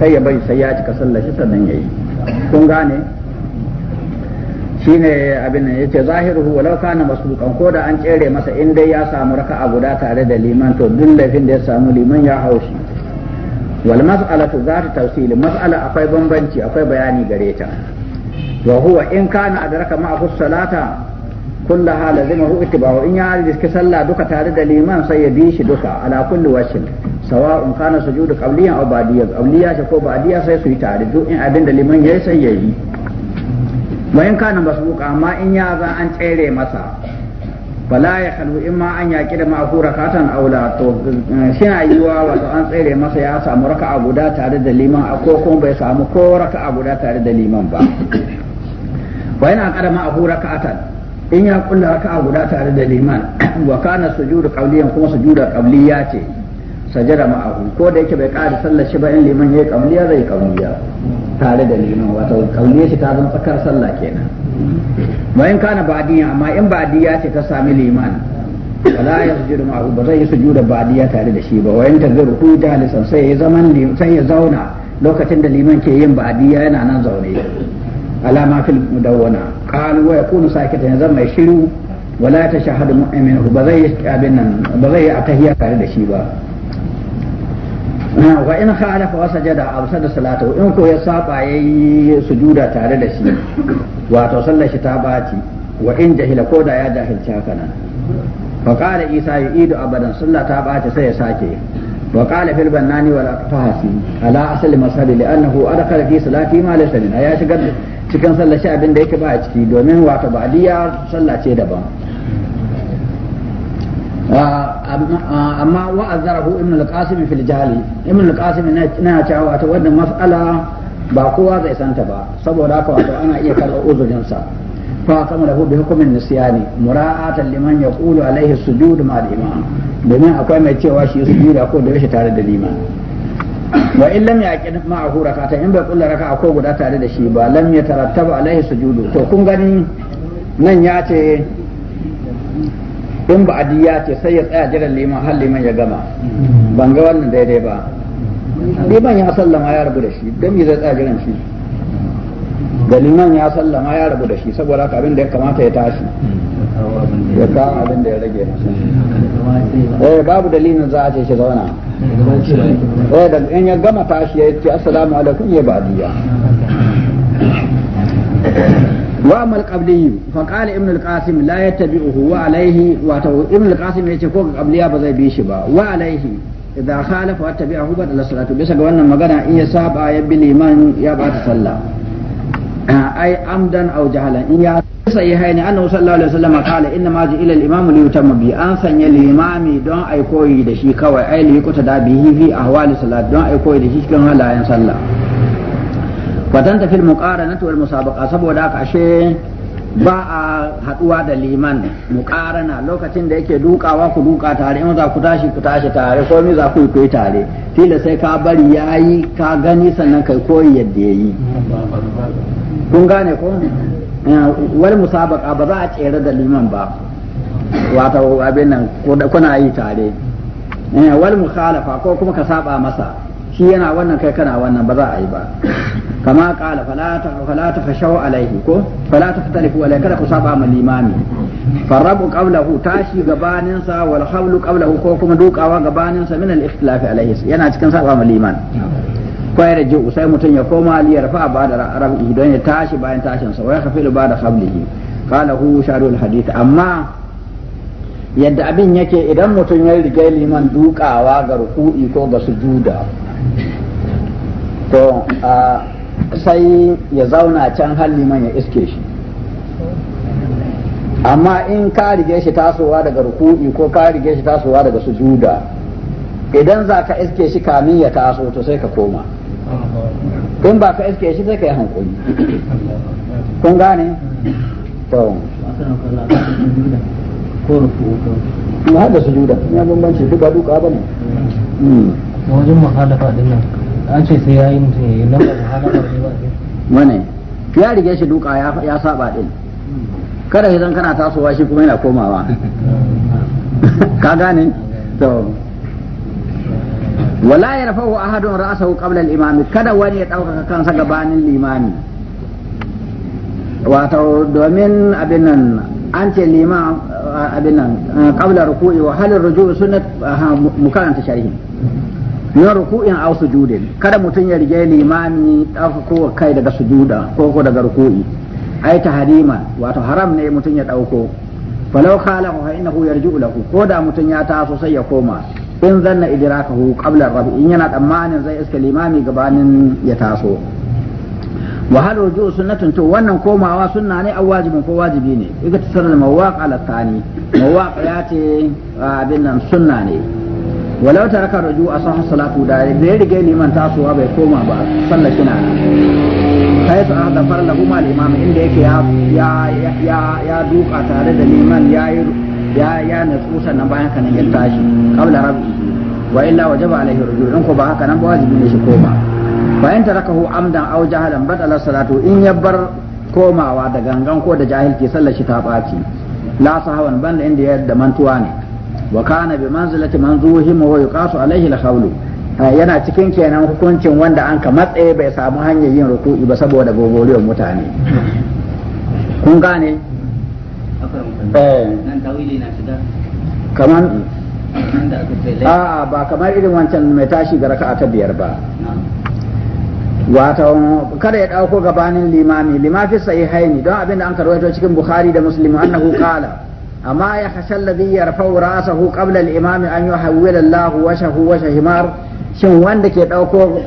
sai ya bari sai ya cika sallashi sannan yayi kun gane shine abin nan yace zahiruhu law kana masbuqan ko da an tsere masa in dai ya samu raka'a guda tare da liman to duk laifin da ya samu liman ya haushi wal mas'alatu zatu tafsil mas'ala akwai bambanci akwai bayani gare ta wa huwa in kana adraka ma'a salata kulla hala zai mahu itiba'u in ya riski sallah duka tare da liman sai ya bi shi duka ala kulli sawa in kana sujudu qabliyan aw ba'diyan qabliya shi ko ba'diya sai su yi tare duk in abin da liman yi sai yayi wa in kana masbuqa amma in ya za an tsere masa bala ya khalu in ma an yaki da ma'aku rakatan aula to yi eh, yiwa wato an tsere masa ya samu raka'a guda tare da liman ko kuma bai samu ko raka'a guda tare da liman ba wa yana a ma'aku katan. in ya kulla a guda tare da liman wa kana sujudu qawliyan kuma sujuda qawliya ce sajada ma'ahu ko da yake bai ƙara sallar shi ba in liman yayi qawliya zai qawliya tare da liman wato qawliya shi ta zama tsakar sallah kenan wa in kana ba'diya amma in ba'diya ce ta sami liman wala ma ma'ahu ba zai sujuda ba'diya tare da shi ba wa in ta zuru ku jalisan sai ya zaman sai ya zauna lokacin da liman ke yin ba'diya yana nan zaune alama fil mudawwana qalu wa yakunu sakitan mai shiru wala tashahadu mu'minu ba zai abin nan ba zai atahiya da shi ba wa yayi sujuda tare da shi wato sallar shi ta ko da ya jahilci haka isa yu'idu abadan sallah ala li'annahu cikin sallah shi abin da yake ba a ciki domin wato ba'diya sallah ce daban amma wa'azzarahu ibn al-qasim fil jahli ibn al-qasim na cewa wato wannan mas'ala ba kowa zai santa ba saboda haka wato ana iya karɓar uzurin sa fa kama da bi hukumin nisyani mura'atan liman yaqulu alaihi sujud ma al-imam domin akwai mai cewa shi sujuda ko da yaushe tare da liman wa in lam yaqin ma'ahu rak'ata in bai kulla raka'a ko guda tare da shi ba lam yatarattabu alaihi sujudu to kun gani nan ya ce in ba adiya ce sai ya tsaya jiran liman har liman ya gama ban ga wannan daidai ba liman ya sallama ya rabu da shi don me zai tsaya jiran shi da liman ya sallama ya rabu da shi saboda haka abin da ya kamata ya tashi ya abin da ya rage eh babu dalilin za a ce shi zauna eh da in ya gama tashi ya ce assalamu alaikum ya badiya wa fa qala ibn al-qasim la wa alayhi wa ibn al-qasim yace ko qabliya ba zai bi shi ba wa alayhi idan khalafa wa tabi'ahu ba da salatu bisa ga wannan magana in ya saba ya bi liman ya ba ta sallah ah, ai amdan aw jahalan in ya sahihain annabi sallallahu alaihi wasallam qala inna ma ila al-imam li yutamma bi an sanya limami don ai koyi da shi kawai ai li kuta da bihi fi ahwali salat don ai koyi da shi cikin halayen sallah ta fil muqaranati wal musabaqa saboda haka ashe ba a haduwa da liman muqarana lokacin da yake dukawa ku duka tare in za ku tashi ku tashi tare ko mi za ku yi tare tila sai ka bari yayi ka gani sannan kai koyi yadda yayi kun gane ko wal musabaqa ba za a tsere da liman ba wata abin nan kuna yi tare eh, wal mukhalafa ko kuma ka saba masa shi yana wannan kai kana wannan ba za a yi ba kama kala fala ta fashau alaihi ko fala ta fitalifu alaihi kada ku saba ma limami farabu qablahu tashi gabanin sa wal hawlu qablahu ko kuma dukawa gabanin sa min al ikhtilafi alaihi yana cikin saba ma liman da ji sai mutum ya koma li rafa bada bada rafi don ya tashi bayan tashin sa wa yakhfilu ba bada qablihi hu sharul hadith amma yadda abin yake idan mutum ya riga liman dukawa ga ruku'i ko ga sujuda to sai ya zauna can har liman ya iske shi amma in ka rige shi tasowa daga ruku'i ko ka rige shi tasowa daga sujuda idan za ka iske shi kamin ya taso to sai ka koma in ba ka iske shi sai ka yi hankali kun gane to ko har da sujuda ya bambanci duka duka ba bane hmm. wajen muhalafa din nan an ce sai ya yi mutum ya yi nan ba muhalafa ne ba wane ya rige shi duka ya saba din kada zan kana tasowa shi kuma yana komawa ka gane to wala ya wa ahadun ra'sahu qabla al-imam kada wani ya dauka kansa gabanin limami wato domin abin nan an ce liman abin nan qabla ruku'i wa halin ruju' sunnat mukaranta sharhi yin ruku'in aw sujudin kada mutum ya rige limami dafa ko kai daga sujuda ko ko daga ruku'i ai tahrima wato haram ne mutum ya dauko falau khalahu fa innahu yarji'u lahu ko da mutum ya taso sai ya koma in zanna idrakahu qabla rabi in yana tsammanin zai iska limami gabanin ya taso wa hal ruju sunnatun to wannan komawa sunna ne aw wajibin ko wajibi ne iga tsara mawaq ala tani mawaq ya ce abin nan sunna ne walau taraka ruju san salatu da zai rige liman tasowa bai koma ba sallar kina Kai su ahda farla kuma al inda yake ya ya ya duka tare da liman yayi ya ya natsu sannan bayan ka nan ya tashi qabla rabbi wa illa wajaba alaihi rujuu in ko ba haka nan ba wajibi ne shi koma bayan tarakahu amdan aw jahalan badala salatu in ya bar komawa da gangan ko da jahilci sallar shi ta baci la sahawan banda inda ya da mantuwa ne wa kana bi manzilati manzuhim wa yuqasu alaihi al eh, yana cikin kenan hukuncin wanda an ka matsaye bai samu hanyar yin ruku'i ba saboda gogoriyar mutane kun gane Eh. kaman a'a ah, ah, ba kamar irin wancan mai tashi ga raka'a ta biyar ba wato kada ya dauko gabanin limami limafi haini don abin da an karwaito cikin bukhari da muslim annahu qala amma ya hasal ladhi yarfa'u ra'sahu qabla al-imami an yuhawwila Allahu washahu wa himar shin wanda ke dauko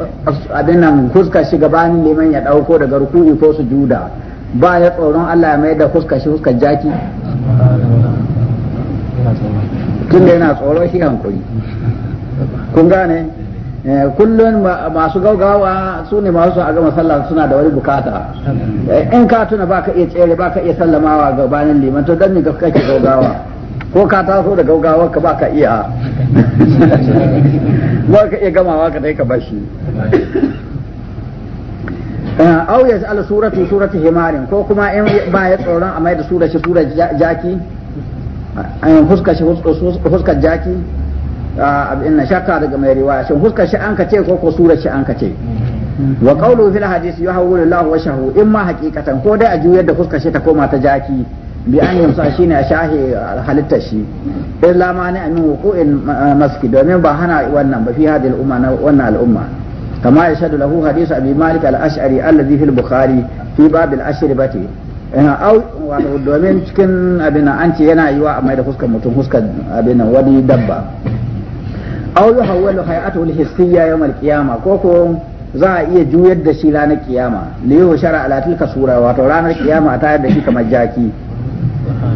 abin nan fuskar shi gabanin liman ya dauko daga ruku'i ko sujuda ba ya tsoron Allah ya mayar da fuska shi fuskar jaki tun da yana tsoro shi hankuri kun gane eh, kullum masu gaugawa su ne masu a gama sallah suna da wani bukata eh, in ka tuna ba ka iya tsere ba ka iya sallamawa ga banin liman to dan ne ga kake gaugawa ko ka taso da gaugawa ka ba ka iya ba ka iya gamawa ka dai ka bashi Eh, au ya ala suratu suratu himarin ko kuma in ba ya tsoron a mai da sura shi sura jaki an eh, huska shi huska jaki eh, inna shakka daga mai riwaya shi huska shi an kace ce ko ko sura shi an kace ce wa kaulu fil hadisi wa Allahu in ma haqiqatan ko dai a juyar da huska shi ta koma ta jaki bi an yamsa shi ne a shahe halitta shi illa ma ne amin wuqu'in maski domin ba hana wannan ba fi hadil umma wannan al'umma كما يشهد له حديث أبي مالك الأشعري الذي في البخاري في باب ina au wato domin cikin abin an ce yana yiwa a mai da fuskar mutum fuskar abin wani dabba au yi hawwalu hay'atul hissiyya yawmal qiyama ko ko za a iya juyar da shi ranar kiyama li yushara ala tilka sura wato ranar kiyama ta yadda shi kamar jaki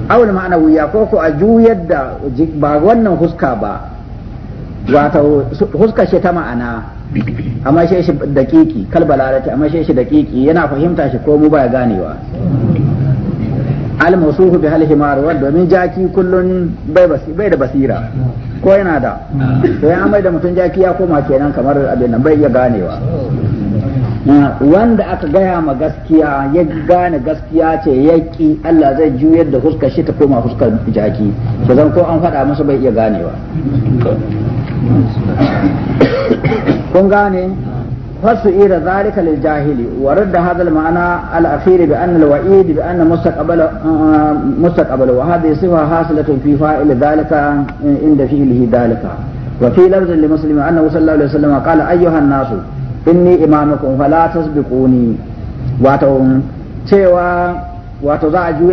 au al wuya ko ko a juyar da ba wannan fuska ba wato huskar shi ta ma'ana amma shi shi dakiki kalbalarati amma shi shi dakiki yana fahimta shi ko mu ba ganewa almasuhu bi hal himar wa domin jaki kullun bai bai da basira ko yana da to ya mai da mutun jaki ya koma kenan kamar abin nan bai ya ganewa wanda aka gaya ma gaskiya ya gane gaskiya ce yaƙi Allah zai juyar da huskar shi ta koma huskar jaki to zan ko an faɗa masa bai iya ganewa kun gane fasu ira zalika lil jahili wa radda hadha al ma'ana al akhir bi anna al uh, uh, nasu inni imamukum fala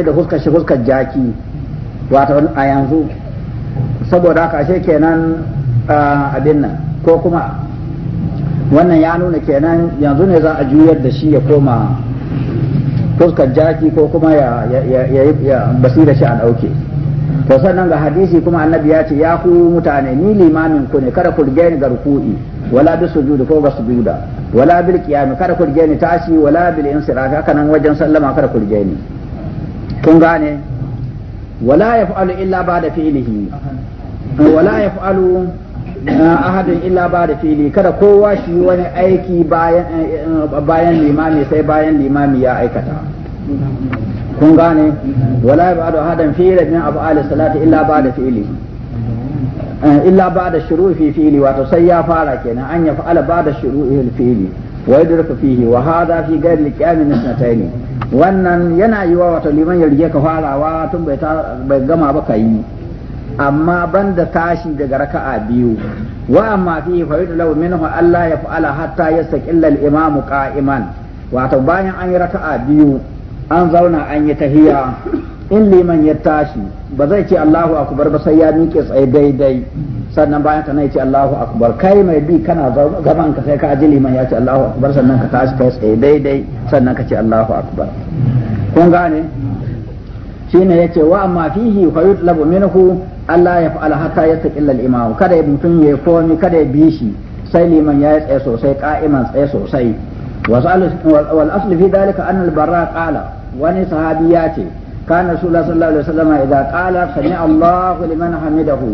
da huskar shi huskar abin nan ko kuma wannan ya nuna kenan yanzu ne za a juyar da shi ya koma fuskar jaki ko kuma ya basira shi a ɗauke to sannan ga hadisi kuma annabi ya ce ya ku mutane ni limamin ku ne kada ku rige ni ga ruku'i wala bi sujudi ko ga sujuda wala bil qiyam kada ku rige ni tashi wala bil insiraf haka nan wajen sallama kada ku rige ni kun gane wala yaf'alu illa ba'da fi'lihi wala yaf'alu na ahadin illa ba da fili kada kowa shi wani aiki bayan limami sai bayan limami ya aikata kun gane wala ba da ahadan fili min af'ali salati illa ba da fili illa ba da shurufi fili wato sai ya fara kenan an ya fa'ala ba da shurufi fili wa yadruku fihi wa hadha fi ghayri al-qiyam min wannan yana yiwa wato liman ya rige ka farawa tun bai gama ba ka yi amma banda tashi daga raka'a biyu wa amma fi fa'id lahu minhu Allah ya fa'ala hatta yastaqilla al-imam qa'iman wato bayan an yi raka'a biyu an zauna an yi tahiyya in liman ya tashi ba zai ce Allahu akbar ba sai ya miƙe tsaye daidai sannan bayan ta ce Allahu akbar kai mai bi kana zaman ka sai ka ji liman ya ce Allahu akbar sannan ka tashi kai tsaye daidai sannan ka ce Allahu akbar kun gane shine yace wa amma fihi fa yutlabu minhu Allah ya fa'ala haka ya taqilla al-imam kada mutum ya komi kada ya bi shi sai liman ya tsaye sosai qa'iman tsaye sosai wal asl fi dalika anna al-barra qala wani sahabi ya ce kana rasulullah sallallahu alaihi wasallam idza qala sami Allahu liman hamidahu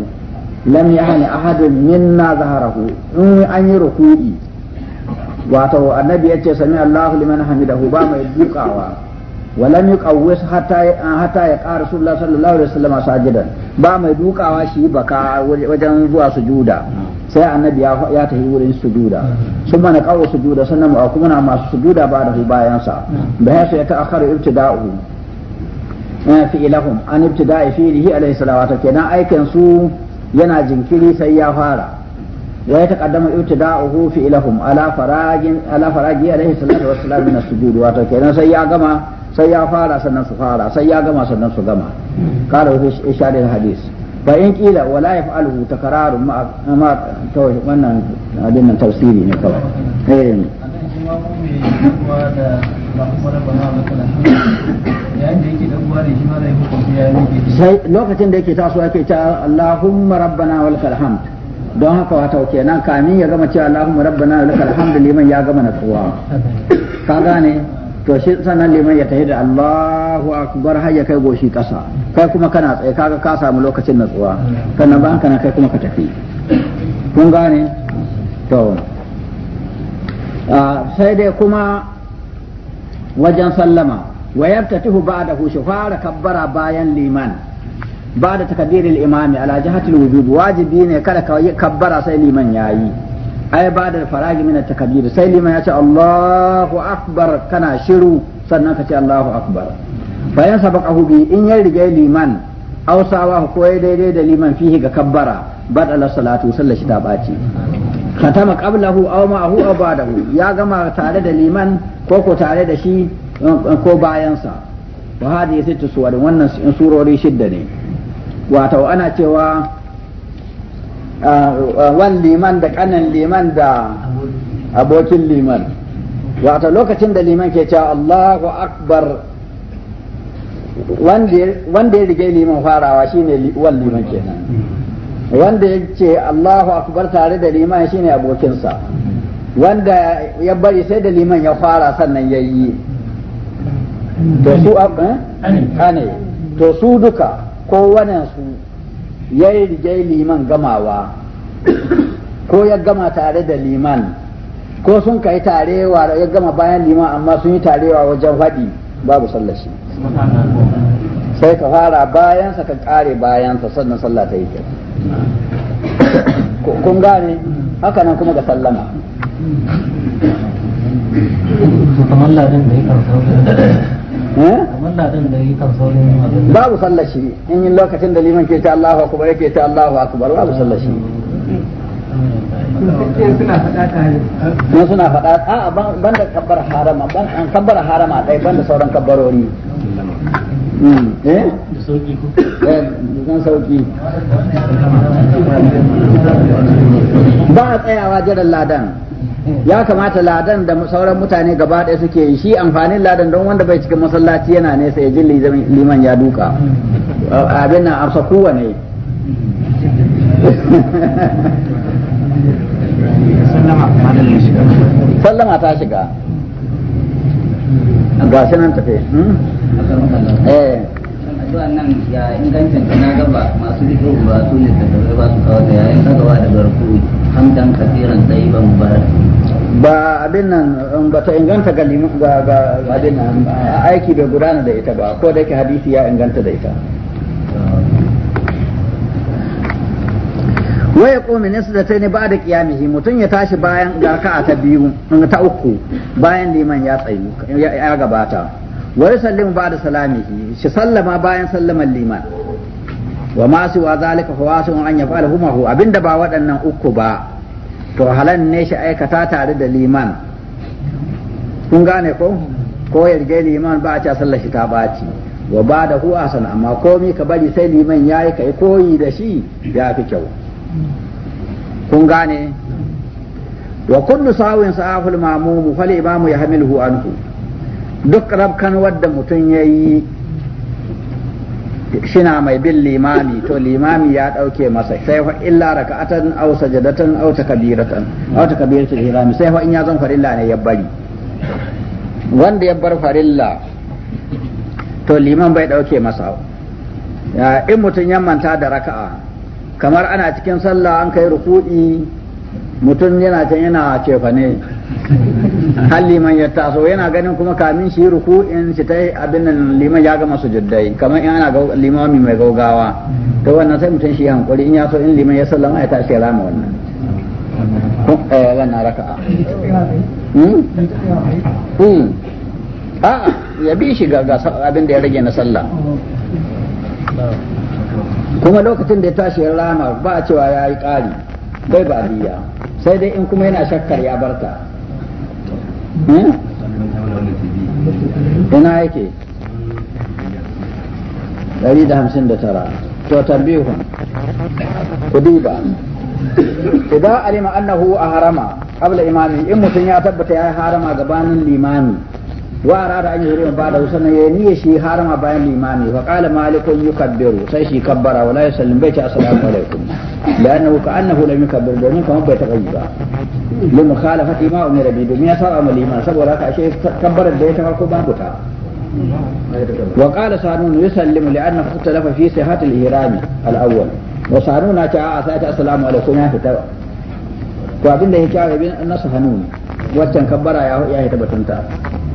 lam yahni ahadun minna zaharahu in an yi ruku'i wato annabi yace sami Allahu liman hamidahu ba mai dukawa ولم يقوس حتى حتى يقع رسول الله صلى الله عليه وسلم ساجدا ba mai dukawa shi baka wajen zuwa sujuda sai annabi ya tafi wurin sujuda sun mana kawo sujuda sannan mu kuma na masu sujuda ba da bayan sa da yasa ya ta'akhkhara ibtida'u eh, fi ilahum an ibtida'i fihi alayhi salawatu kenan aikin su yana jinkiri sai ya fara ويتقدم ابتداؤه في لهم على فراج على فراج عليه الصلاه والسلام من السجود واتو kenan sai ya gama. sai ya fara sannan su fara sai ya gama sannan su gama kada wasu isharin hadis fa in kila wala yaf'aluhu takrarun ma ma to wannan abin nan tafsiri ne kawai eh sai lokacin da yake taso yake ta Allahumma rabbana wa lakal hamd don haka wato nan kamin ya gama cewa Allahumma rabbana wa lakal hamd liman ya gama na natsuwa ka gane to shi sannan liman ya tahi da Allahu akbar har ya kai goshi kasa kai kuma kana tsaye kaga ka samu lokacin natsuwa kana ba kana kai kuma ka tafi kun gane to ah, sai dai kuma wajen sallama wa yaftatihu ba'dahu shi fara kabbara bayan liman ba da takadirin imami ala jihatul wujub wajibi ne kada ka kabbara sai liman yayi ai ba da faragi na Takabiru sai lima ya ce Allahu akbar kana shiru sannan ka ce Allahu akbar bayan sabaka hubi in ya rige liman ausawa ko ya daidai da liman fihi ga kabbara badala salatu sallar shi ta baci katama qablahu aw ma'ahu aw ba'dahu ya gama tare da liman ko ko tare da shi ko bayansa wa hadhihi sittu suwarin wannan surori shidda ne wato ana cewa Ah, ah, wan liman da kanan liman da abokin liman wato lokacin da liman ke cewa Allahu akbar wanda ya rige liman farawa shine wan liman kenan wanda ya ce Allahu akbar tare da liman shine abokinsa wanda ya bari sai da liman ya fara sannan ya yi to su duka ah, eh? to su duka ya rige liman gamawa ko ya gama tare da liman ko sun kai tarewa ya gama bayan liman amma sun yi tarewa wajen haɗi babu sallashi sai ka fara bayansa ka ƙare bayansa sannan sallah ta yi kun gane haka kuma ga sallama babu sallashi in yi lokacin da liman ke ta Allahu akbar yake ta Allahu akbar babu sallashi na suna faɗa a ban da kabbar harama ban an kabbar harama dai ban da sauran kabbarori hmm, eh? eh, ba a tsayawa jiran ladan ya kamata ladan da sauran mutane gaba ɗaya suke shi amfanin ladan don wanda bai cikin masallaci yana nesa ya ji liman ya duka abin nan amsa kowane sallama ta shiga ga nan tafe hmm? eh. zuwa nan ya ingancin na gaba masu ba su ne ba su ba abin nan um, ba ta inganta ga abin nan aiki bai gudana da ita ba ko da yake hadisi ya inganta da ita waya ne su da ta ne ba da kiyamihi mutum ya tashi bayan garka ta biyu ta uku bayan liman ya tsayu ya gabata wa yusallimu ba'da salamihi shi sallama bayan sallaman liman wa ma su wa zalika fa wasu an yaf'ala huma hu abinda ba waɗannan uku ba to halan ne shi aikata tare da liman kun gane ko ko yarge liman ba a ci sallar shi ta baci wa ba da hu asan amma komi ka bari sai liman yayi kai koyi da shi ya fi kyau kun gane wa kullu sawin sa'aful mamumu fal imamu yahmiluhu anhu duk rabkan wadda mutum ya yi shina mai bin limami to limami ya ɗauke masa sai fa illa atan au sajadatan au takabiratan au takabiratan limami sai fa in ya zan farilla ne ya bari wanda ya bar farilla to liman bai ɗauke masa in mutum ya manta da raka'a kamar ana cikin sallah an kai rukudi mutum yana can yana cefane Halli man ya taso yana ganin kuma kamin shi in shi ta abin nan liman ya gama sujuddai kamar in ana limami mai gaugawa to wannan sai mutum shi hankuri in ya so in liman ya sallama ya tashi ya rama wannan eh wannan raka'a a hmm? Hmm. ya bi shi ga abin da ya rage na sallah kuma lokacin da ya tashi ya rama ba a cewa ya yi ƙari bai ba biya sai dai in kuma yana shakkar ya barta Eh? ina yake ɗari da hamsin da tara to tambihun kudiba idan alima annahu a harama qabla imami in mutum ya tabbata ya yi harama gabanin limami وأراد أن يهرم بعده سنة يني شي حرم بين إيماني فقال مالك يكبر سي شي كبر ولا يسلم بيت السلام عليكم لأنه كأنه لم يكبر دومين كما بيت غيبا لمخالفة ما أمر به دومين يسار أمر الإيمان سبو ولا أشياء كبر البيت فالكو بانكتا وقال سانون يسلم لأنه اختلف في صحة الإهرام الأول وسانون جاء سأتى السلام عليكم يا فتاة وأبن ده كاوي بين النصف هنون وأتن كبر يا هي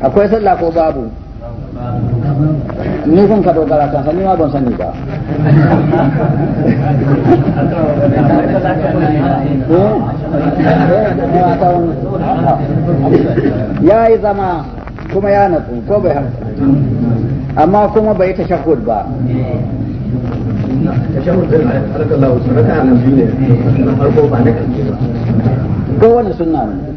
akwai sallah ko babu ni kun ka dogara kan sani ma ban sani ba eh? Eh, ya yi zama kuma ya natsu ko bai hanku amma kuma bai ta shahud ba ko wani sunna ne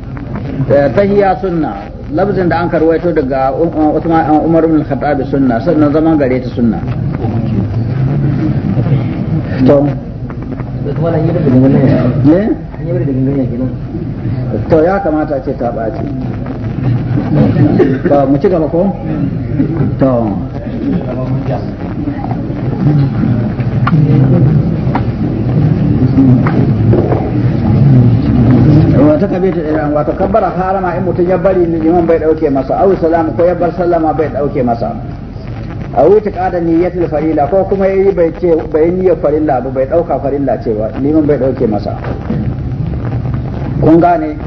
Eh, tahiya sunna labzin da an karwaito daga uh, uh, Umar ibn Khattab sunna sannan zaman gare ta sunna to to ya kamata ce ta ɓaci ba mu ci gaba ko to Thank you. wata ta da wato kabbara harama in mutum ya bari liman bai dauke masa au salama ko ya bar sallama bai dauke masa a wuce kada niyyatul farila ko kuma yayi bai ce bai niyyar farilla ba bai dauka farilla ce ba liman bai dauke masa kun gane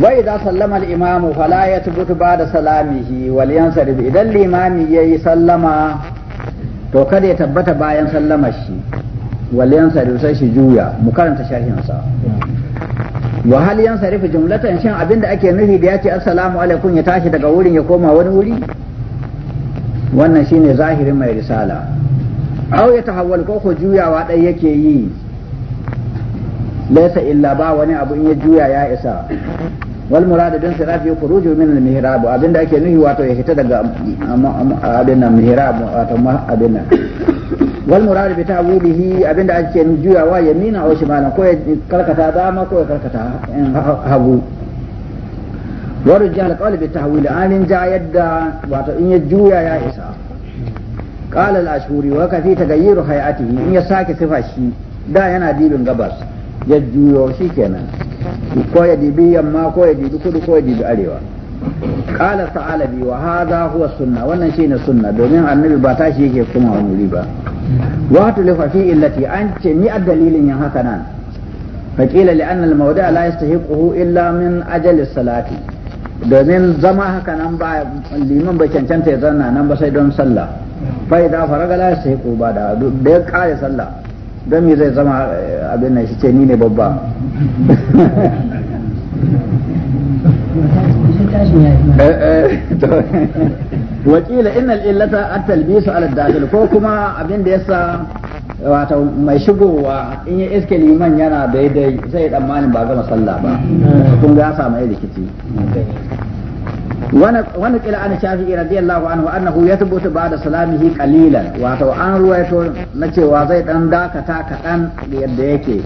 wa idza sallama al-imam fala yatbutu ba'da salamihi wal yansarif idan limami yayi sallama to kada ya tabbata bayan sallamar shi wal yansarif sai shi juya mu karanta sharhin sa wa hal yansarifu jumlatan shin abinda ake nufi da yace assalamu alaikum ya tashi daga wurin ya koma wani wuri wannan shine zahirin mai risala aw ya tahawwal ko ko juyawa dai yake yi laysa illa ba wani abu in ya juya ya isa wal murad bin sirafi khuruju min al mihrab abinda ake nufi wato ya fita daga abin nan mihrab wato abin nan wal murad bi ta'wilihi abinda ake ce juyawa yamina aw shimalan ko ya karkata dama ko ya karkata eh, hagu warja al-qawl bi ta'wil anin ja yadda wato in ya juya ya isa qala al-ashuri wa yi fi tagayyur hay'atihi in ya sake sifashi da yana dibin gabas ya juyo shikenan ko ya dibi yamma ko ya dibi kudu ko ya dibi arewa qala sa'alabi wa hadha huwa sunna wannan shine sunna domin annabi ba tashi yake kuma wani wuri ba wa tulifa fi illati an ce ni dalilin yin haka nan faqila li anna al-mawda la yastahiquhu illa min ajali salati domin zama haka nan ba liman bai cancanta ya zanna nan ba sai don sallah fa idza faraga la yastahiqu ba da da ya kare sallah don me zai zama eh, abin nan shi ce ni ne babba Eh, eh, wakila inna illata at-talbisu ala dakhil ko kuma abin da yasa wato mai shigowa in ya iske liman yana daidai zai yi tsammanin ba gama sallah ba mm. kun ga samu rikici wani kila an shafi'i radiyallahu anhu annahu ya tabbata ba da salamihi qalilan wato an ruwaito na cewa zai dan dakata kaɗan yadda yake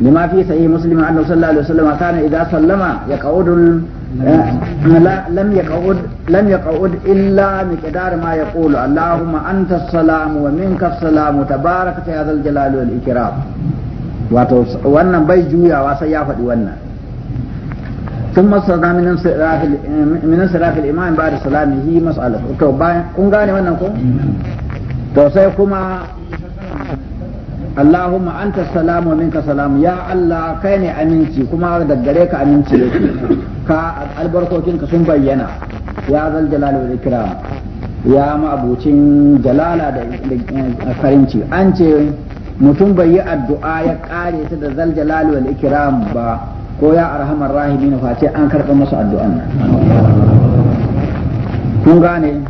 lima fi sahih muslim annahu sallallahu alaihi wasallam kana idza sallama ya yaqudul لم يقعد لم يقعد الا مقدار ما يقول اللهم انت السلام ومنك السلام تبارك يا ذا الجلال والاكرام wato wannan bai juyawa sai ya faɗi wannan sun masana minin sirafil imam ba da salamihi mas'ala to bayan kun wannan ko to sai kuma Allahumma anta salamu minka salamu ya Allah kai ne aminci kuma daggare ka aminci yake ka albarkokin ka sun bayyana ya zal jalal wa ikram ya ma'abucin jalala da karinci an ce mutum bai yi addu'a ya kare ta da zal jalal wa ikram ba ko ya arhamar rahimin fa ce an karɓa masa addu'an kun gane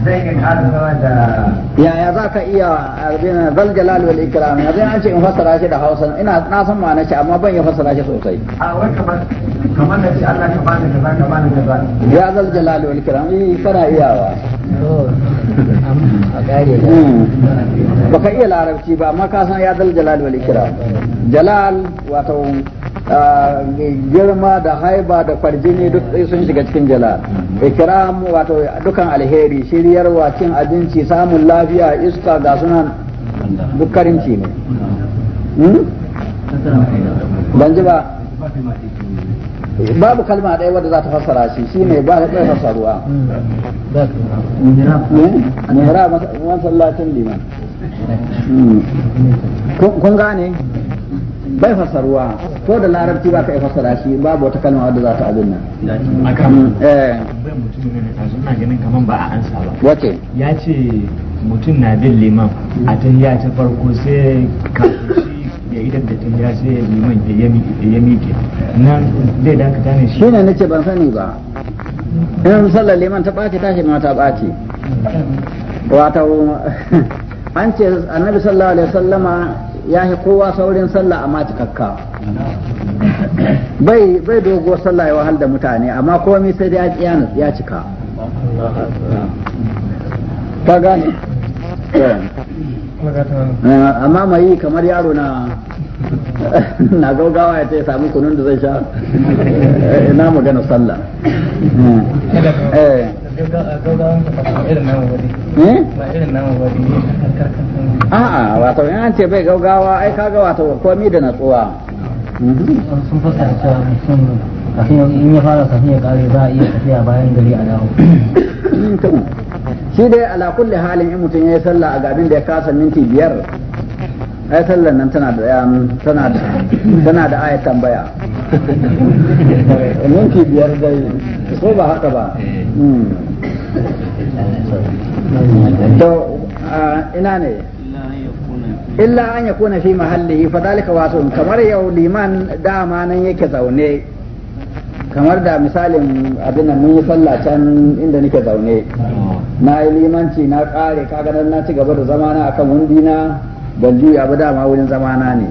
yaya za ka iya abin zal jalal wal ikram yanzu an ce in fassara shi da Hausa ina na san ma'anar shi amma ban ya fassara shi sosai a wai kamar kamar da shi Allah ka bani kaza ka bani kaza ya zal jalal wal ikram eh kana iyawa baka oh, hmm. iya larabci ba amma ka san ya zal jalal wal ikram jalal wato girma da haiba da kwarjini duk sun shiga cikin jala. ikram wato dukan alheri shiryarwa cin abinci samun lafiya iska ga sunan duk karimci ne ban ji ba babu kalma ɗaya wadda za ta fassara shi shi ne ba ta fassaruwa nira masallacin liman kun gane bai fasarwa ko da larabci ba ka fasara shi babu wata kalma wadda za ta abin nan a kan eh mutum ne ganin kaman ba a ansa ba wace ya ce mutum na bin liman a ta yi ta farko sai kafin ya idan da ta ya sai liman ya miƙe nan zai dakata ne shi ne nace ban sani ba in sallar liman ta ɓace tashi ma ta ɓace wato an ce annabi sallallahu alaihi wasallama ya yi kowa saurin sallah amma cikakka bai bai dogo sallah ya wahal da mutane amma komai sai dai ya ya cika ka gane amma mai yi kamar yaro na na gaugawa ya ce sami kunun da zai sha eh, na magana sallah eh. a'a wato in an ce bai gaugawa ai kaga wato komi da natsuwa hmm. Hmm. sun fasa cewa mutum kafin in ya fara kafin ya kare za a iya tafiya bayan gari a dawo shi dai ala kulli halin in mutum ya yi sallah a gabin da ya kasa minti biyar ai sallan nan tana da um, tana da ayat tambaya minti biyar zai ko ba haka ba eh. to ina ne illa an ya kuna fi mahallihi fa dalika wasu kamar yau liman dama nan yake zaune kamar da misalin abin nan mun yi sallah can inda nake zaune na yi limanci na kare kaga nan na ci gaba da zamana akan wundina ban juya ba dama wurin zamana ne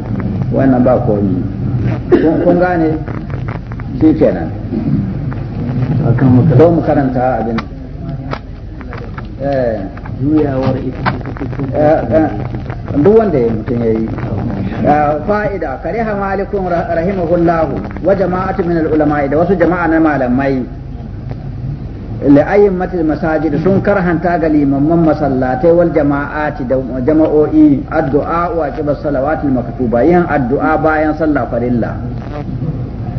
wannan ba komi kun gane shi kenan zo mu karanta abin eh. juyawar ita eh, eh. duk wanda ya mutum ya yi fa'ida kare malikun rahimahullahu wa jama'atu min al da wasu jama'a na malamai la'ayin matil masajid sun karhanta ga limamman masallatai wal jama'ati da jama'o'i addu'a wa kibar salawatul maktuba yin addu'a bayan sallah farilla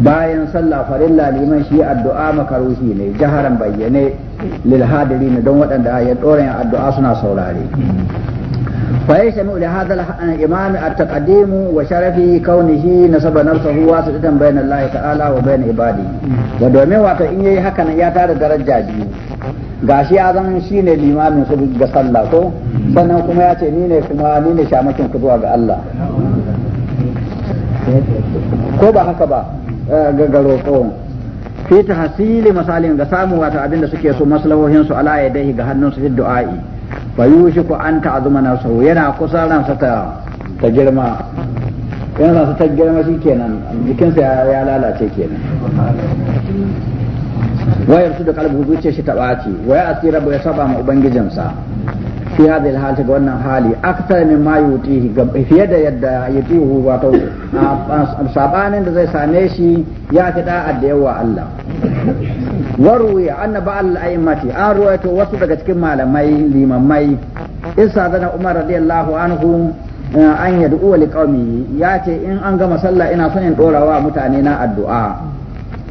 bayan sallah farilla liman shi addu'a makaruhi ne jaharan bayyane lil hadirin don waɗanda ya ɗora yin addu'a suna saurare فيجتمع لهذا الإمام التقديم وشرف كونه نسب نفسه واسطة بين الله تعالى وبين عباده ودومي واتو إن يي هكذا يا تار درجة biyu gashi ya zan shi ne limamin su ga sallah ko sannan kuma ya ce ni ne kuma ni ne shamakin ku zuwa ga Allah ko ba haka ba ga garo ko fi tahsili misalin ga samu wata abinda suke so maslahohin su ala yadaihi ga hannun su fi du'a'i fayushi ku an ta'zuma nafsuhu yana kusa ransa ta ta girma yana ransa ta girma shi jikinsa ya lalace kenan wayar su da kalbu zuciya shi ta ɓaci waya asira bai saba ma ubangijinsa fi hadhihi al ga wannan hali akthar min ma yutihi fiye da yadda yutihu wato sabanin da zai same shi ya fi da yawa Allah warwi anna ba'al a'immati an ruwaito wasu daga cikin malamai limamai isa zana umar radiyallahu anhu eh, an yad'u li qaumi ya ce in an gama sallah ina son in dora wa mutane na addu'a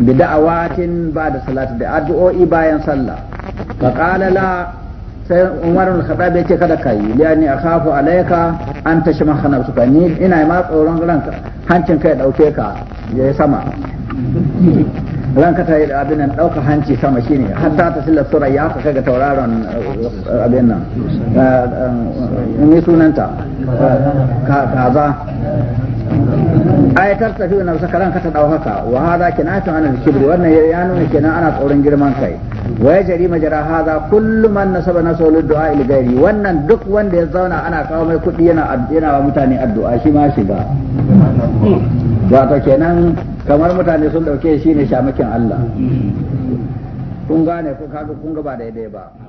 bi da'awatin ba da salati da addu'o'i bayan sallah fa qala la sai Umar bin Khattab ce kada ka yi liyani akhafu alayka an tashma khanafsuka ni ina ma tsoron ranka hancin kai dauke ka ya sama ran ka tayi abin nan dauka hanci sama shine hatta ta silla ya ka kaga tauraron eh, abin nan ne eh, eh, sunanta kaza ayatar tafi na saka ran ka ta dau haka wa hada kinatu anil kibri wannan ya nuna kenan ana tsoron girman kai wa ya jari majara hada kullu man nasaba du'a il gairi wannan duk wanda ya zauna ana kawo mai kudi yana yana wa mutane addu'a shi ma shiga wato kenan kamar mutane sun dauke shi ne shamakin Allah mm. kun gane ko kaga kun ga ba daidai ba